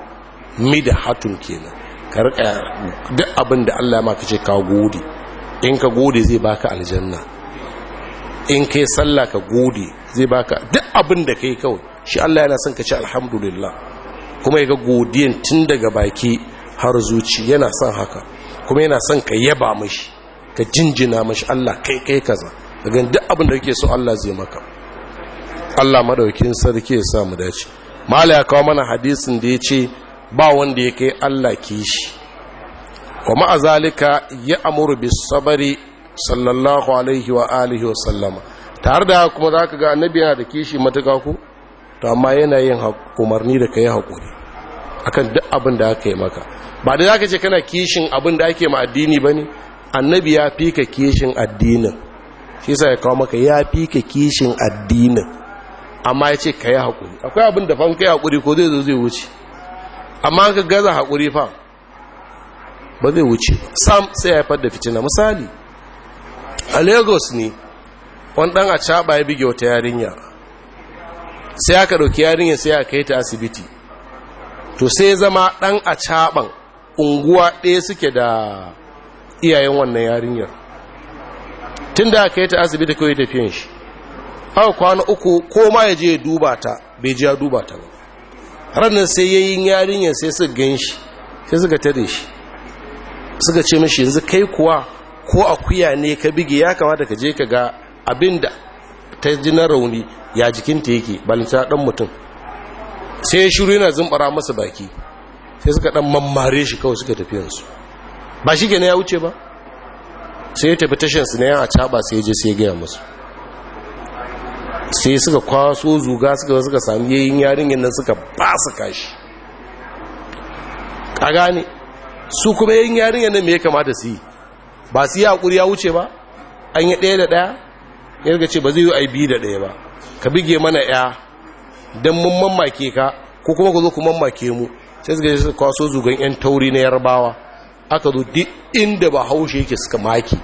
hatun kenan ka rika duk abin da Allah ma kace ka gode in ka gode zai baka aljanna in kai sallah ka gode zai baka duk abin da kai kawai shi Allah yana son ka ce alhamdulillah kuma ya ga godiyan tun daga baki har zuci yana son haka kuma yana son ka yaba mashi ka jinjina mashi Allah kai kai kaza daga duk abin da kake so Allah zai maka Allah madaukin sarki ya sa mu dace mala ya kawo mana hadisin da ya ce ba wanda ya kai Allah kishi wa Azalika zalika ya amuru bis sabari sallallahu alaihi wa alihi wa sallama tare da kuma zaka ga annabi yana da kishi matuka ku to amma yana yin umarni da kai hakuri akan duk abin da aka yi maka ba da zaka ce kana kishin abin da ake ma addini bane annabi ya fi ka kishin addinin shi sai ya kawo maka ya fi ka kishin addinin amma ya ce ka yi haƙuri akwai abin da fanka ya haƙuri ko zai zo zai wuce amma ka gaza haƙuri fa ba zai wuce sam sai ya haifar da fitina misali a lagos ne wani ɗan a caɓa ya bige wata yarinya sai aka ɗauki yarinya sai aka kai ta asibiti to sai zama ɗan a caɓan unguwa ɗaya suke da iyayen wannan yarinyar tun da aka yi ta asibiti kawai tafiyan shi a'ka kwana uku ko ma ya je ya duba ta bai ji ya duba ta ba ranar sai ya yayin yarinyar sai suka gan shi sai suka tare shi suka ce mashi yanzu kai kuwa ko akuya ne ka bige ya kamata ka je ka ga abin da ta ji na rauni ya jikinta yake balinta dan mutum sai ya shiru yana zumbara masa baki sai suka dan mammare shi kawai suka tafiyansu ba shi gane ya wuce ba sai ya tafi tashinsu na yan a caba sai ya je sai ya gaya musu sai suka kwaso zuga suka suka sami yayin yarinyar nan suka ba su kashi a gane su kuma yayin yarinyar nan me ya kamata su yi ba su yi haƙuri ya wuce ba an yi ɗaya da ɗaya ya riga ce ba zai yi aibi da ɗaya ba ka bige mana ya don mun mamake ka ko kuma ku zo ku mamake mu sai suka kwaso zugan yan tauri na yarbawa aka zo duk inda ba haushe yake suka maki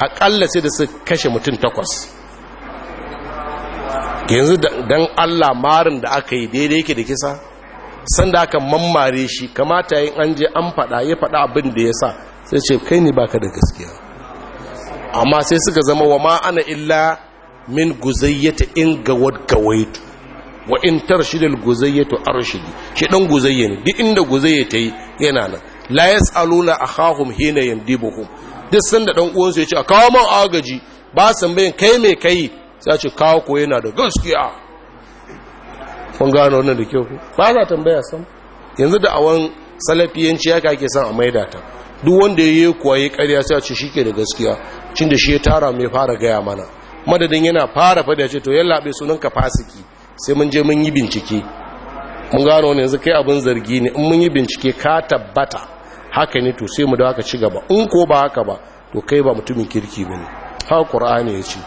akalla sai da su kashe mutum takwas yanzu don allah marin da aka yi daidai yake da kisa sanda aka mammare shi kamata yin an je an faɗa ya faɗa abin da ya sa sai ce kai ne baka da gaskiya amma sai suka zama wa ma ana illa min guzayyata in gawad gawaitu wa in tarshidal guzayyatu arshidi shi dan guzayya ne duk inda guzayya ta yi yana nan la a akhahum hina yandibuhum duk sanda dan uwansu ya ce a kawo man agaji ba san bayan kai mai kai sai ce kawo ko yana da gaskiya kun gano wannan da kyau ba za tambaya sam yanzu da awan salafiyanci ya kake san a maida ta duk wanda yi kuwa ya karya sai ce shi ke da gaskiya cin da shi ya tara mai fara gaya mana madadin yana fara fada ya ce to sunan ka fasiki sai mun je mun yi bincike mun gano wani yanzu kai abin zargi ne in mun yi bincike ka tabbata haka ne to sai mu da haka ci gaba in ko ba haka ba to kai ba mutumin kirki ba ne haka ya ce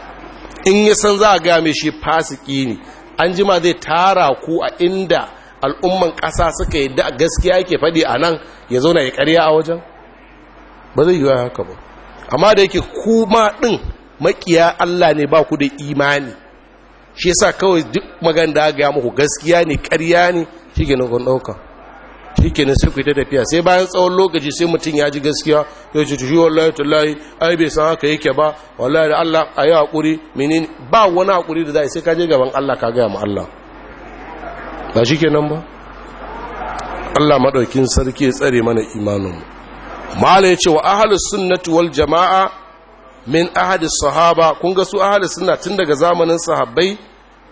in ya san za a ga mai shi fasiki ne an jima zai tara ku a inda al'umman kasa suka yi da gaskiya yake faɗi a nan ya zauna ya ƙarya a wajen ba zai yi haka ba amma da yake kuma din makiya Allah ne ba ku da imani shi yasa kawai duk magan da ga muku gaskiya ne ƙarya ne shi ke nan ɗauka shikenan sai ku ta tafiya sai bayan tsawon lokaci sai mutum ya ji gaskiya ya ce tushi wallahi tallahi ai bai san haka yake ba wallahi da Allah yi haƙuri menene ba wani haƙuri da a sai ka je gaban Allah ka gaya ma Allah ba shi nan ba Allah maɗaukin sarki ya tsare mana imanin mu ya ce wa ahalus sunnati wal jamaa min ahadis sahaba kun ga su ahalus sunna tun daga zamanin sahabbai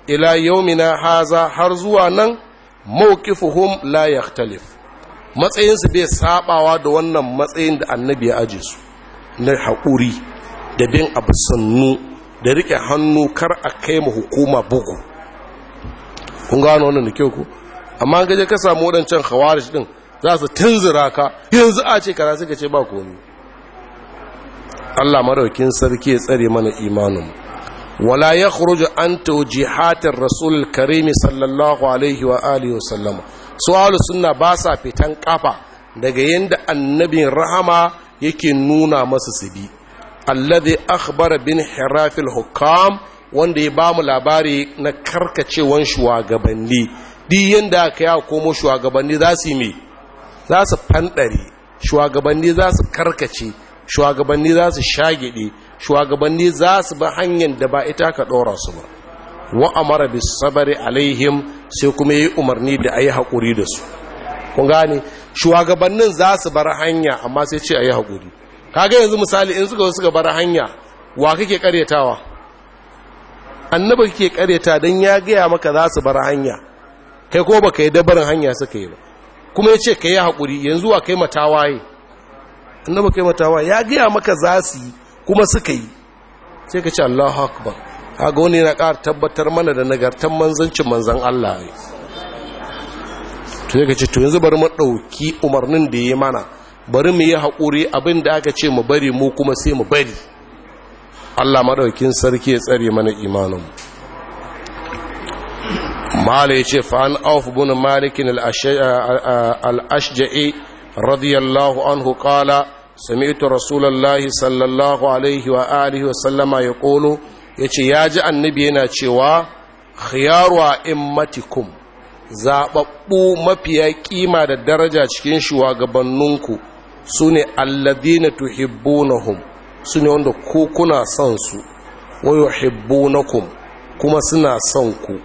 ila yaumina haza har zuwa nan mawqifuhum la yakhtalif matsayinsu bai sabawa da wannan matsayin da annabi ya aje su na haƙuri da bin abu sannu da riƙe hannu kar a kai ma hukuma bugu kun gano wannan da kyau ku amma gaje ka samu waɗancan hawarish ɗin za su tunzura ka yanzu a ce kara suka ce ba komi Allah maraukin sarki ya tsare mana imanin wala ya khuruju an tawjihatir rasul karimi sallallahu alaihi wa alihi wa sallama su ahlus sunna ba sa fitan kafa daga yanda annabin rahama yake nuna masu su bi alladhi akhbara bin hirafil hukam wanda ya bamu labari na karkacewan shugabanni di yanda aka ya komo shugabanni za su yi za su fandare shugabanni za su karkace shugabanni za su shagide shugabanni za su ba hanyar da ba ita ka ɗora su ba wa amara bis sabari alaihim sai kuma yi umarni da ayi hakuri da su kun gane shugabannin za su bar hanya amma sai ce ayi hakuri kaga yanzu misali in suka suka bar hanya wa kake karyatawa annabi kake karyata dan ya gaya maka za su bar hanya kai ko baka yi dabarin hanya suka yi ba kuma ya ce ka yi hakuri yanzu wa kai matawaye annabi kai matawaye ya gaya maka za su yi kuma suka yi sai ka ce Allahu akbar kaga wani yana ƙara tabbatar mana da nagartar manzancin manzan Allah ne to ya ce to yanzu bari mu ɗauki umarnin da ya mana bari mu yi haƙuri abin da aka ce mu bari mu kuma sai mu bari Allah maɗaukin sarki ya tsare mana imaninmu mala ya ce fa'an auf bin malikin al'ashja'i radiyallahu anhu ƙala sami'tu rasulallahi sallallahu alaihi wa alihi wa sallama ya ƙolo ya ce ya ji annabi yana cewa khiyarwa immatikum zaɓaɓɓu mafiya ƙima da daraja cikin shugabanninku su ne alladina tuhibbunahum su ne wanda ko kuna son su wayo hibbunakum kuma suna son ku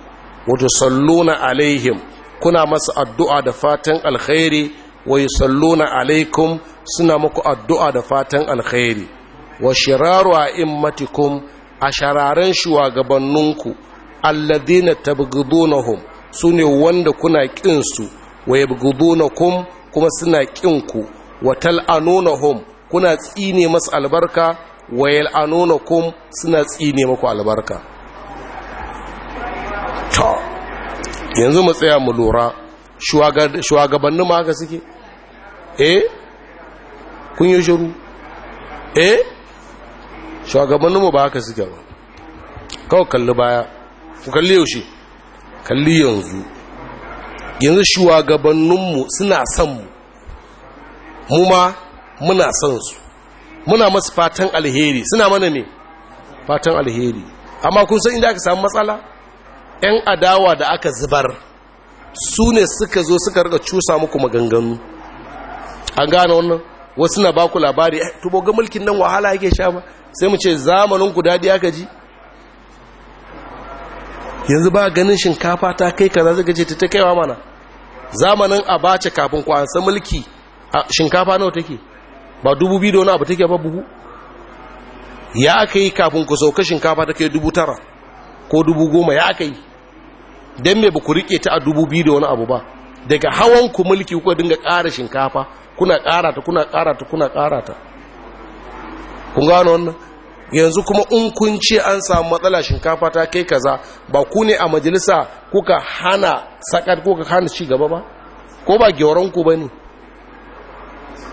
wato salluna alaihim kuna masa addu'a da fatan alkhairi wayo salluna alaikum suna muku addu'a da fatan alkhairi wa shirarwa a matikum a shararen shugabanninku alladhina Su sune wanda kuna kin su na yabghidunakum kuma suna kin ku na tal'anunahum kuna tsine masu albarka wa yal'anunakum suna tsine maku albarka to yanzu mu tsaya mu lura shugabannin ma haka suke eh kun yi shiru eh shugabanninmu ba haka suke ba kawai kalli baya ku kalli yaushe kalli yanzu yanzu shugabanninmu suna son mu mu ma muna son su muna masu fatan alheri suna mana ne fatan alheri amma kun san inda aka samu matsala 'yan adawa da aka zubar su ne suka zo suka rika cusa muku maganganu an gane wannan wasu na baku labari eh, tubogin ga mulkin nan wahala yake sha ba sai mu ce zamanin ku daɗi aka ji yanzu ba ganin shinkafa ta kai kaza zaka ce ta kaiwa mana zamanin a ce kafin ku ansa mulki shinkafa nawa take ba dubu biyu da wani abu take ba buhu ya aka yi kafin ku sauka shinkafa ta kai dubu tara ko dubu goma ya aka yi don me ba ku rike ta a dubu biyu da wani abu ba daga hawan ku mulki kuka dinga ƙara shinkafa kuna ƙara ta kuna ƙara ta kuna ƙara ta kun gano wannan yanzu kuma in kun ce an samu matsala shinkafa ta kai kaza ba ku ne a majalisa kuka hana sakar kuka hana ci gaba ba ko ba gyoron ku bane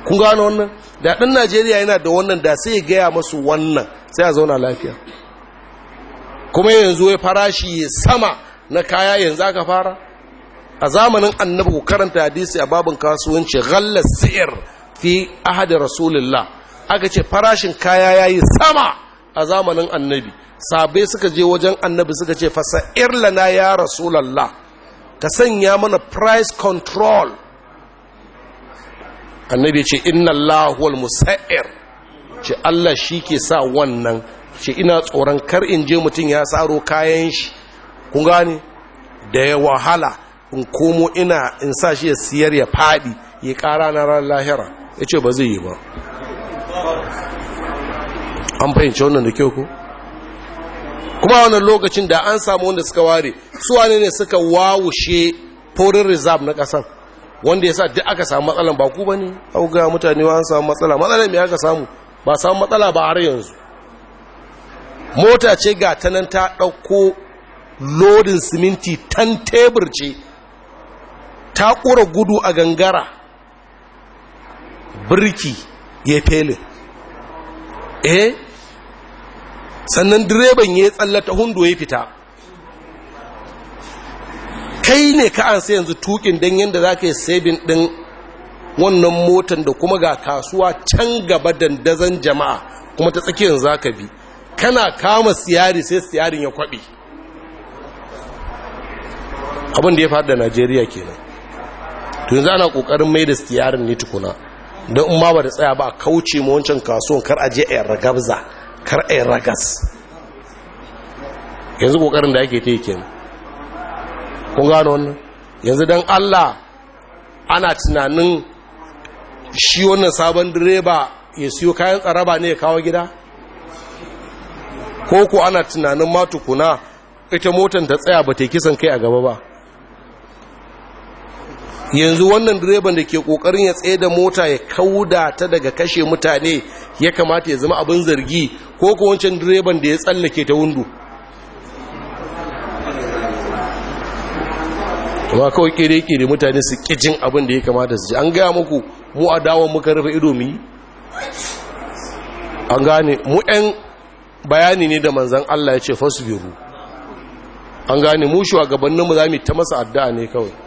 kun gano wannan da ɗan Najeriya yana da wannan da sai ya gaya masu wannan sai a zauna lafiya kuma yanzu ya farashi sama na kaya yanzu aka fara a zamanin annabi ku karanta hadisi a babin kasuwanci ghallas si'r fi ahadi rasulillah aka ce farashin kaya ya yi sama a zamanin annabi sabai suka je wajen annabi suka ce fasa irlana ya rasulallah ka sanya mana price control annabi ce inna lahuwal musa'ir ce allah shi ke sa wannan ce ina tsoron kar in je mutum ya tsaro kayan shi kun gane da ya wahala in komo ina in sa shi ya siyar ya fadi ya kara na ran lahira ya ce ba zai yi ba an fahimci wannan da kyau ko kuma wannan lokacin da an samu wanda suka ware su ne ne suka wawushe foreign reserve na kasar wanda ya sa duk aka samu matsalan ba ku ba ne auga mutane an samu matsala matsalan mai aka samu ba samu matsala ba har yanzu mota ce ga ta nan ta ɗauko lodin siminti tan tebur ce ta ƙura gudu a gangara birki ya felin eh sannan direban ya tsallata hundo ya fita kai ne ka an yanzu tukin don yadda za ka yi sabin ɗin wannan motan da kuma ga kasuwa can gaba dandazon jama'a kuma ta tsakiyar za ka bi kana kama siyari sai siyarin ya kwaɓe abinda da ya da najeriya kenan to yanzu na ƙoƙarin mai da siyarin ne tukuna don in ma ba da tsaya ba a kauce ma wancan kasuwan kar a je a yarra gabza kar a yarra gas yanzu kokarin da ake teke kun gano wannan yanzu don allah ana tunanin shi wannan sabon direba ya siyo kayan tsaraba ne ya kawo gida ko ku ana tunanin matukuna ita motar ta tsaya ba ta kisan kai a gaba ba yanzu wannan direban da ke kokarin ya tsaye da mota ya kauda ta daga kashe mutane ya kamata ya zama abin zargi ko ko wancan direban da ya tsallake ta wundu kuma kawai kere kere mutane su kijin abin da ya kamata su ji an gaya muku mu a dawon muka rufe ido mu yi an gane mu ɗan bayani ne da manzan Allah ya ce biyu an gane mu shugabanninmu za mu ta masa addu'a ne kawai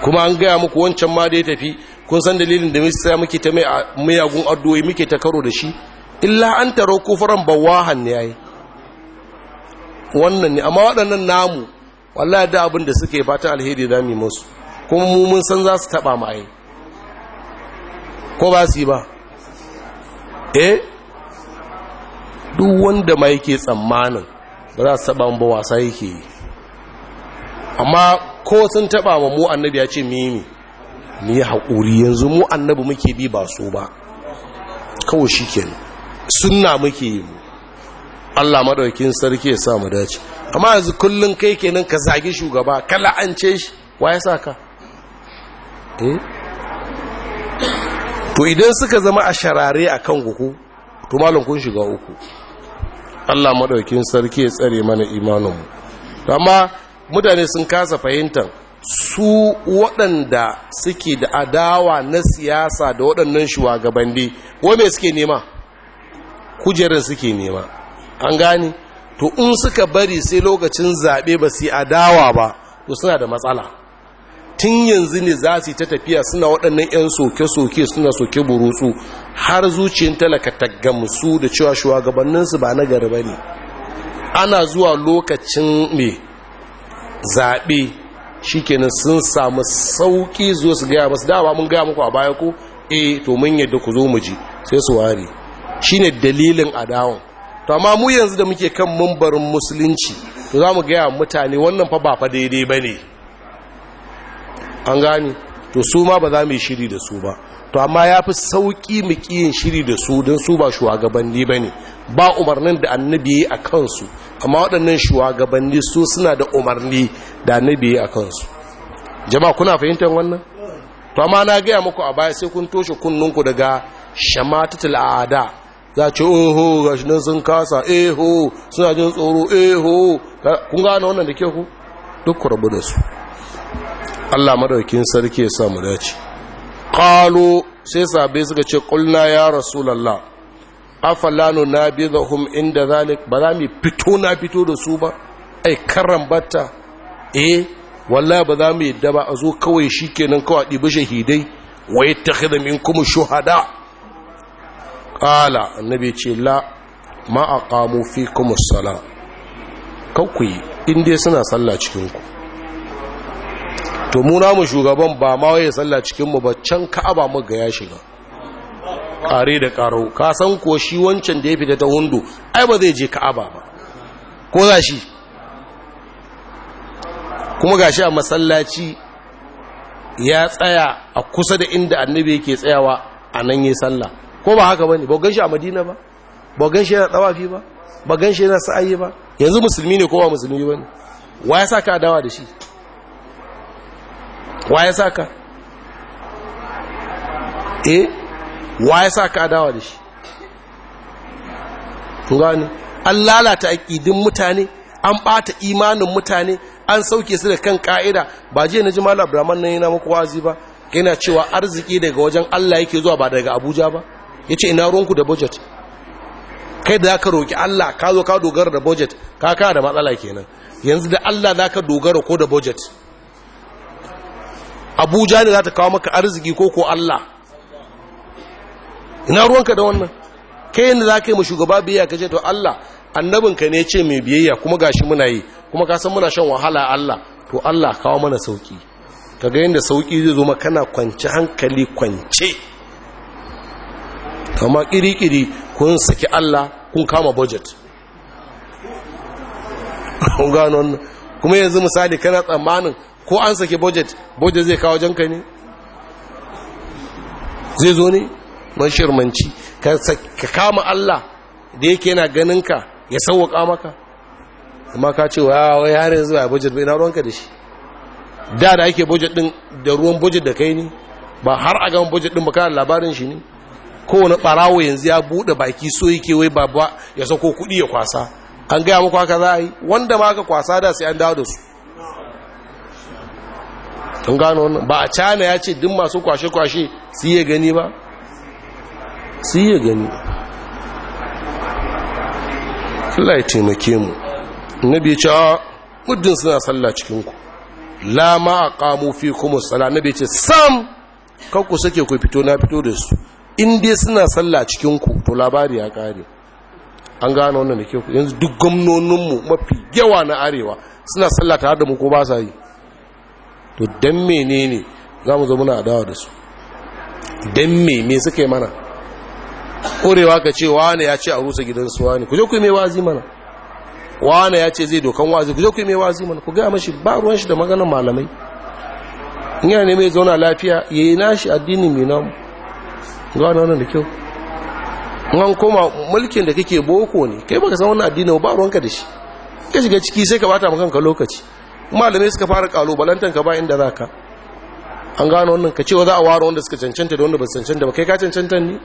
kuma an gaya muku wancan ma da ya tafi kun san dalilin da mista muke ta mayagun addu'o'i muke ta karo da shi illa an taro kufuran bawahan ne yayi wannan ne amma waɗannan namu wallahi da abin da suke fata alheri da mu musu kuma mu mun san za su taɓa mu ai ko ba su ba eh duk wanda ma yake tsammanin ba za su taɓa mu ba wasa yake yi amma ko sun taba wa mu annabi ya ce mimi mu yi haƙuri yanzu mu annabi muke bi ba su ba kawai shi kenan sunna muke yi mu Allah maɗaukin sarki ya sa mu dace amma yanzu kullum kai kenan ka zagi shugaba ka la'ance shi wa ya sa ka eh? to idan suka zama a sharare a kan guku to malam kun shiga uku Allah maɗaukin sarki ya tsare mana mu, amma mutane sun kasa fahimtar su waɗanda suke da adawa na siyasa da waɗannan shugabanni wame suke nema kujerar suke nema an gani to in suka bari sai lokacin zaɓe ba su adawa ba to suna da matsala tun yanzu ne za su yi ta tafiya suna waɗannan 'yan soke-soke suna soke burutsu har zuciyar talaka taggamsu gamsu da cewa shugabanninsu ba na gari ba ne ana zuwa lokacin mai zaɓe shi kenan sun samu sauƙi zuwa su gaya masu dama mun gaya muku a baya ko e eh, to mun yadda ku zo mu ji sai su ware Shi ne dalilin adawan to amma mu yanzu da muke kan mambarin musulunci to za mu gaya mutane wannan fa ba fa daidai ba ne an gani to su ma ba za mu yi shiri da su ba to amma ya fi sauƙi mu yin shiri da su don su ba shugabanni ba ne ba umarnin da annabi a kansu amma waɗannan shugabanni su suna da umarni da annabi a kansu jama'a kuna fahimtar wannan to amma na gaya muku a baya sai kun toshe kunnunku daga shamatatul aada za ce oho gashi nan sun kasa eho suna jin tsoro eho kun gane wannan da ke ku duk ku rabu da su Allah madaukin sarki ya sa mu dace qalu sai sabai suka ce kulna ya rasulallah afalanu na bizahum inda zalik ba za mu fito na fito da su ba ai karan batta eh wallahi ba za mu yadda ba a zo kawai shikenan kawai dibi shahidai wa yattakhidha minkum shuhada qala annabi ce la ma aqamu fikum as-sala kawai in dai suna sallah cikin ku to mu mu shugaban ba ma waye sallah cikin mu ba can ka'aba mu ga ya shiga ƙare da ƙarau ka san ko shi wancan da ya fita ta hundu ai ba zai je ka'aba ba ko za shi kuma ga shi a masallaci ya tsaya a kusa da inda annabi yake tsayawa a nan yi sallah ko ba haka ba ne ba gan shi a madina ba ba gan shi yana tsawafi ba ba gan shi yana sa'ayi ba yanzu musulmi ne ko ba musulmi ba ne wa ya sa ka dawa da shi wa ya sa ka eh wa ya sa ka dawa da shi ku gane an lalata aƙidin mutane an ɓata imanin mutane an sauke su da kan ƙa'ida ba jiya na jima'a abraman nan yana muku wazi ba yana cewa arziki daga wajen allah yake zuwa ba daga abuja ba ya ce ina ruwanku da budget kai da ka roƙi allah ka zo ka dogara da budget ka ka da matsala kenan yanzu da allah za ka dogara ko da budget abuja ne za ta kawo maka arziki ko ko allah ina ruwanka da wannan kai yadda za ka yi ma shugaba biyayya ka ce to Allah annabinka ne ce mai biyayya kuma ga shi muna yi kuma ka san muna shan wahala Allah to Allah kawo mana sauki ka ga yadda sauki zai zo makana kana kwance hankali kwance amma kiri-kiri kun saki Allah kun kama budget [laughs] kuma yanzu misali kana tsammanin ko an saki budget budget zai kawo jan ka ne zai zo ne mashirmanci ka kama Allah da yake yana ganin ka ya sauwaka maka amma ka ce wa yare yanzu ba budget bai na ruwanka da shi da da ake budget din da ruwan budget da kai ne ba har a gama budget din ba kana labarin shi ne kowane barawo yanzu ya bude baki so yake wai babba ya sako kudi ya kwasa an gaya muku haka za a yi wanda ma ka kwasa da sai an dawo da su tun gano wannan ba a cana ya ce duk masu kwashe-kwashe su yi gani ba sai ya gani Allah ya taimake mu nabi ce a muddin suna sallah cikinku la ma a kamo fi kuma sala nabi ce sam kanku sake ku fito na fito da su in dai suna sallah cikinku to labari ya kare an gano wannan da ke ku yanzu duk gwamnoninmu mafi yawa na arewa suna sallah tare da mu ko ba sa yi to dan menene za mu zo muna adawa da su dan me me suka yi mana korewa ka ce wane ya ce a rusa gidansu wane ku je ku mai wazi mana wane ya ce zai dokan wazi ku je ku mai wazi mana ku gaya mashi ba ruwan shi da maganar malamai in yana ne mai zauna lafiya ya nashi addini mai namu gane wannan da kyau an koma mulkin da kake boko ne kai baka san wannan addini ba ruwan ka da shi ka shiga ciki sai ka bata maka kanka lokaci malamai suka fara kalubalantan ka ba inda zaka an gano wannan ka ce, wa za a ware wanda suka cancanta da wanda ba su cancanta ba kai ka cancanta ne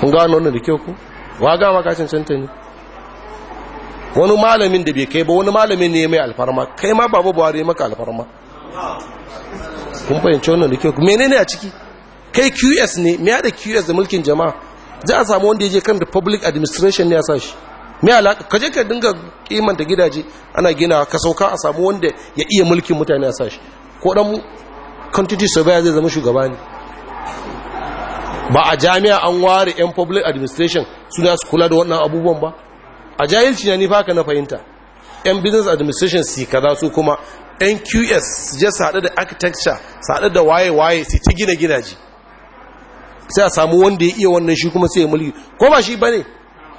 kun gano wannan da kyau ku wa ga ma ka cancanta ne wani malamin da bai kai ba wani malamin ne mai alfarma kai ma babu buhari maka alfarma kun fahimci wannan da kyau ku menene a ciki kai qs ne me da qs da mulkin jama'a za a samu wanda ya je kan da public administration ne ya sa shi me alaka ka je ka dinga kimanta gidaje ana gina ka sauka a samu wanda ya iya mulkin mutane a sa shi ko dan quantity surveyor zai zama shugaba ne ba a jami'a an ware 'yan public administration suna su kula da wannan abubuwan ba a jahilci na nifa ka na fahimta 'yan business administration si kaza su kuma 'yan qs je su haɗu da architecture su haɗu da waye-waye su ta gina gidaje sai a samu wanda ya iya wannan shi kuma sai ya mulki ko ba shi ba ne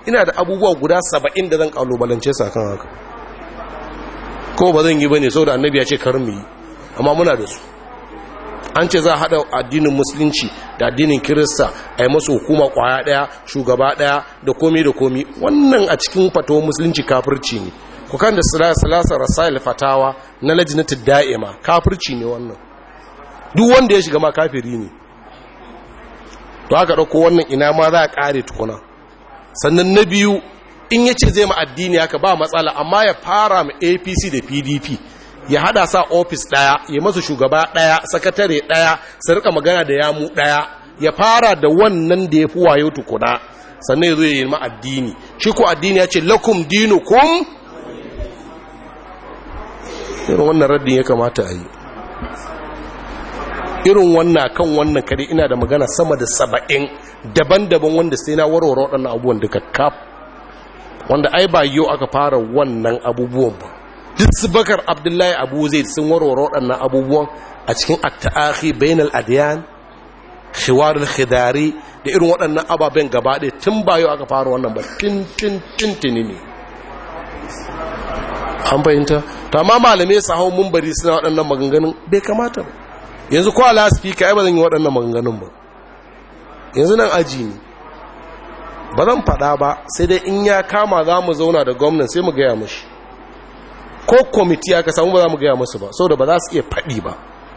ina da abubuwa guda saba'in da zan kalubalance su akan haka ko ba zan yi ba ne saboda annabi ya ce karin mu yi amma muna da su an ce za a haɗa addinin musulunci da addinin kirista a yi masu hukuma kwaya ɗaya shugaba ɗaya da komi da komi wannan a cikin fatawar musulunci kafirci ne ku kan da salasa rasail fatawa na lajinatu da'ima kafirci ne wannan duk wanda ya shiga ma kafiri ne to haka ɗauko wannan ina ma za a ƙare tukuna sannan na biyu in ya ce zai ma addini haka ba matsala amma ya fara ma apc da pdp ya hada sa ofis daya ya masa shugaba daya sakatare daya sai rika magana da yamu daya ya fara da wannan da ya fi wayo tukuna sannan ya zo ya yi addini shi ko addini ya ce lakum kum irin wannan raddin ya kamata a yi irin wannan kan wannan kare ina da magana sama da saba'in daban-daban wanda sai na warware waɗannan abubuwan duka kaf wanda ai ba yau aka fara wannan abubuwan ba duk su bakar abdullahi abu zai sun warware waɗannan abubuwan a cikin atta'ahi bainal adiyan shiwarar khidari da irin waɗannan ababen gaba ɗaya tun bayo aka fara wannan ba tun tun tun tuni ne an fahimta ta ma malamai su hau bari suna waɗannan maganganun bai kamata ba yanzu ko ala speaker ai ba zan yi waɗannan maganganun ba yanzu nan aji ne ba zan faɗa ba sai dai in ya kama za mu zauna da gwamnan sai mu gaya mashi ko kwamiti aka samu ba za mu gaya musu ba saboda ba za su iya faɗi ba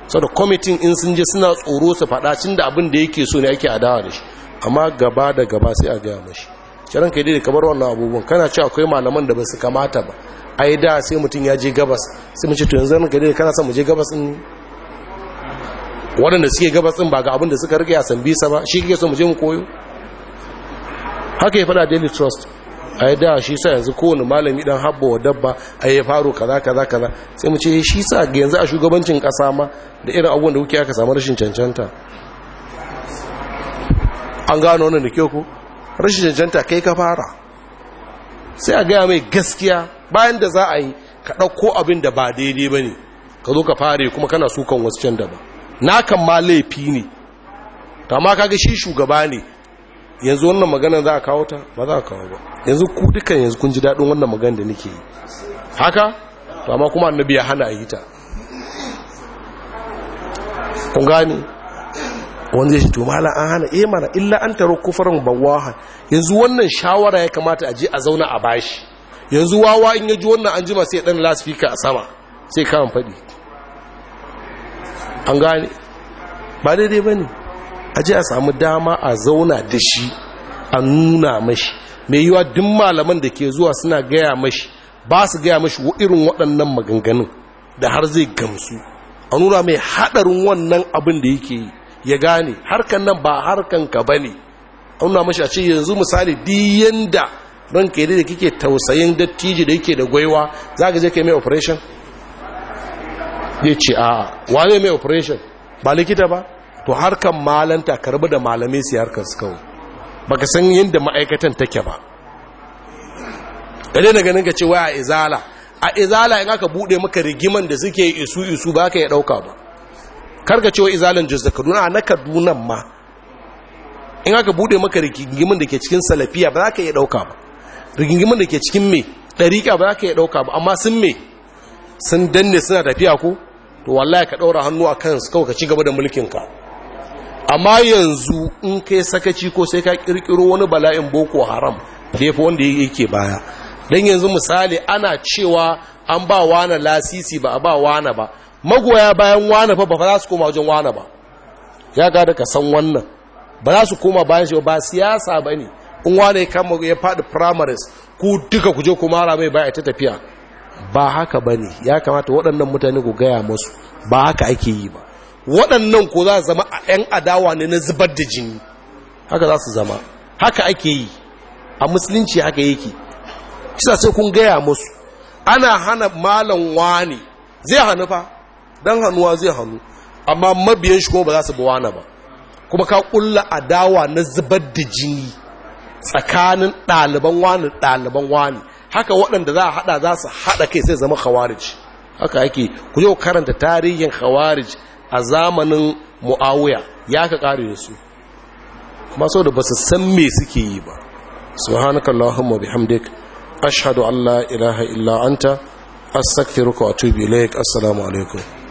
saboda kwamitin in sun je suna tsoro su faɗa cin da abin da yake so ne ake adawa da shi amma gaba da gaba sai a gaya mashi kiran kai dai kamar wannan abubuwan kana cewa akwai malaman da ba su kamata ba ai da sai mutum ya je gabas sai mu ce to yanzu ranka dai kana son mu je gabas din Wadanda suke gabas din ba ga abin da suka rike a sambisa ba shi kike so mu je mu koyo haka ya faɗa daily trust ai da shi sa yanzu kowane malami dan habba wa dabba ai ya faru kaza kaza kaza sai mu ce eh, shi sa yanzu a shugabancin kasa ma da irin abubuwan da kuke aka samu rashin cancanta an gano wannan da kyau ku rashin cancanta kai ka fara sai a gaya mai gaskiya bayan da za a yi ka ɗauko abin da ba daidai ba ne ka zo ka fare kuma kana sukan wasu can daban na kan ma laifi ne ta ma kaga shi shugaba ne yanzu wannan magana za a kawo ta ba za a kawo ba yanzu ku dukkan yanzu kun ji daɗin wannan magana da nake yi haka to amma kuma annabi ya hana a yi ta kun gane wanda ya shi to mala an hana eh mana illa an taro kufarin bawaha yanzu wannan shawara ya kamata a je a zauna a bashi yanzu wawa in ya ji wannan an jima sai dan lasfika a sama sai kawon faɗi an gane ba daidai ba ne a ji a samu dama a zauna da shi a nuna mashi mai yiwa duk malaman da ke zuwa suna gaya mashi ba su gaya mashi irin waɗannan maganganun da har zai gamsu a nuna mai haɗarin wannan abin da yake yi ya gane harkan nan ba harkan ka ba ne a nuna mashi a ce yanzu misali diyan da ran yadda da kike tausayin dattiji da yake da gwaiwa za ka je ka mai operation ya ce a wane mai operation ba likita ba to harkan malanta karbi da malamai su harkar su ba baka san yadda ma'aikatan take ba ɗade daga ganin ka ce waya izala a izala in aka bude maka rigiman da suke isu isu ba ka yi ɗauka ba karka cewa izalin jos da kaduna na kaduna ma in aka bude maka rigiman da ke cikin salafiya ba za ka yi ɗauka ba rigiman da ke cikin me ɗariƙa ba za ka yi ɗauka ba amma sun me sun danne suna tafiya ko to wallahi ka ɗaura hannu a kan su kawai ka ci gaba da mulkinka amma yanzu in kai sakaci ko sai ka kirkiro wani bala'in boko haram da fi wanda yake baya don yanzu misali ana cewa an ba wana lasisi ba a ba wana ba magoya bayan wana fa ba za su koma wajen wana ba ya gada ka san wannan ba za su koma bayan shi ba siyasa ba ne in wane ya kama ya faɗi primaries ku duka ku je kuma mara mai baya ta tafiya ba haka ba ne ya kamata waɗannan mutane ku gaya masu ba haka ake yi ba waɗannan ko za zama a 'yan adawa ne na zubar da jini haka za su zama haka ake yi a musulunci haka yake kisa sai kun gaya musu ana hana malam wani zai hannu fa don hannuwa zai hannu amma mabiyan shi kuma ba za su bi wani ba kuma ka kulla adawa na zubar da jini tsakanin ɗaliban wani ɗaliban wani haka waɗanda za a haɗa za su haɗa kai sai zama khawarij haka ake ku yau karanta tarihin khawarij a zamanin mu'awuya ya ka kare da su kuma sau da ba su san me suke yi ba subhanakallahumma bihamdik ashhadu an la ilaha illa anta astaghfiruka wa atubu ilaik assalamu alaikum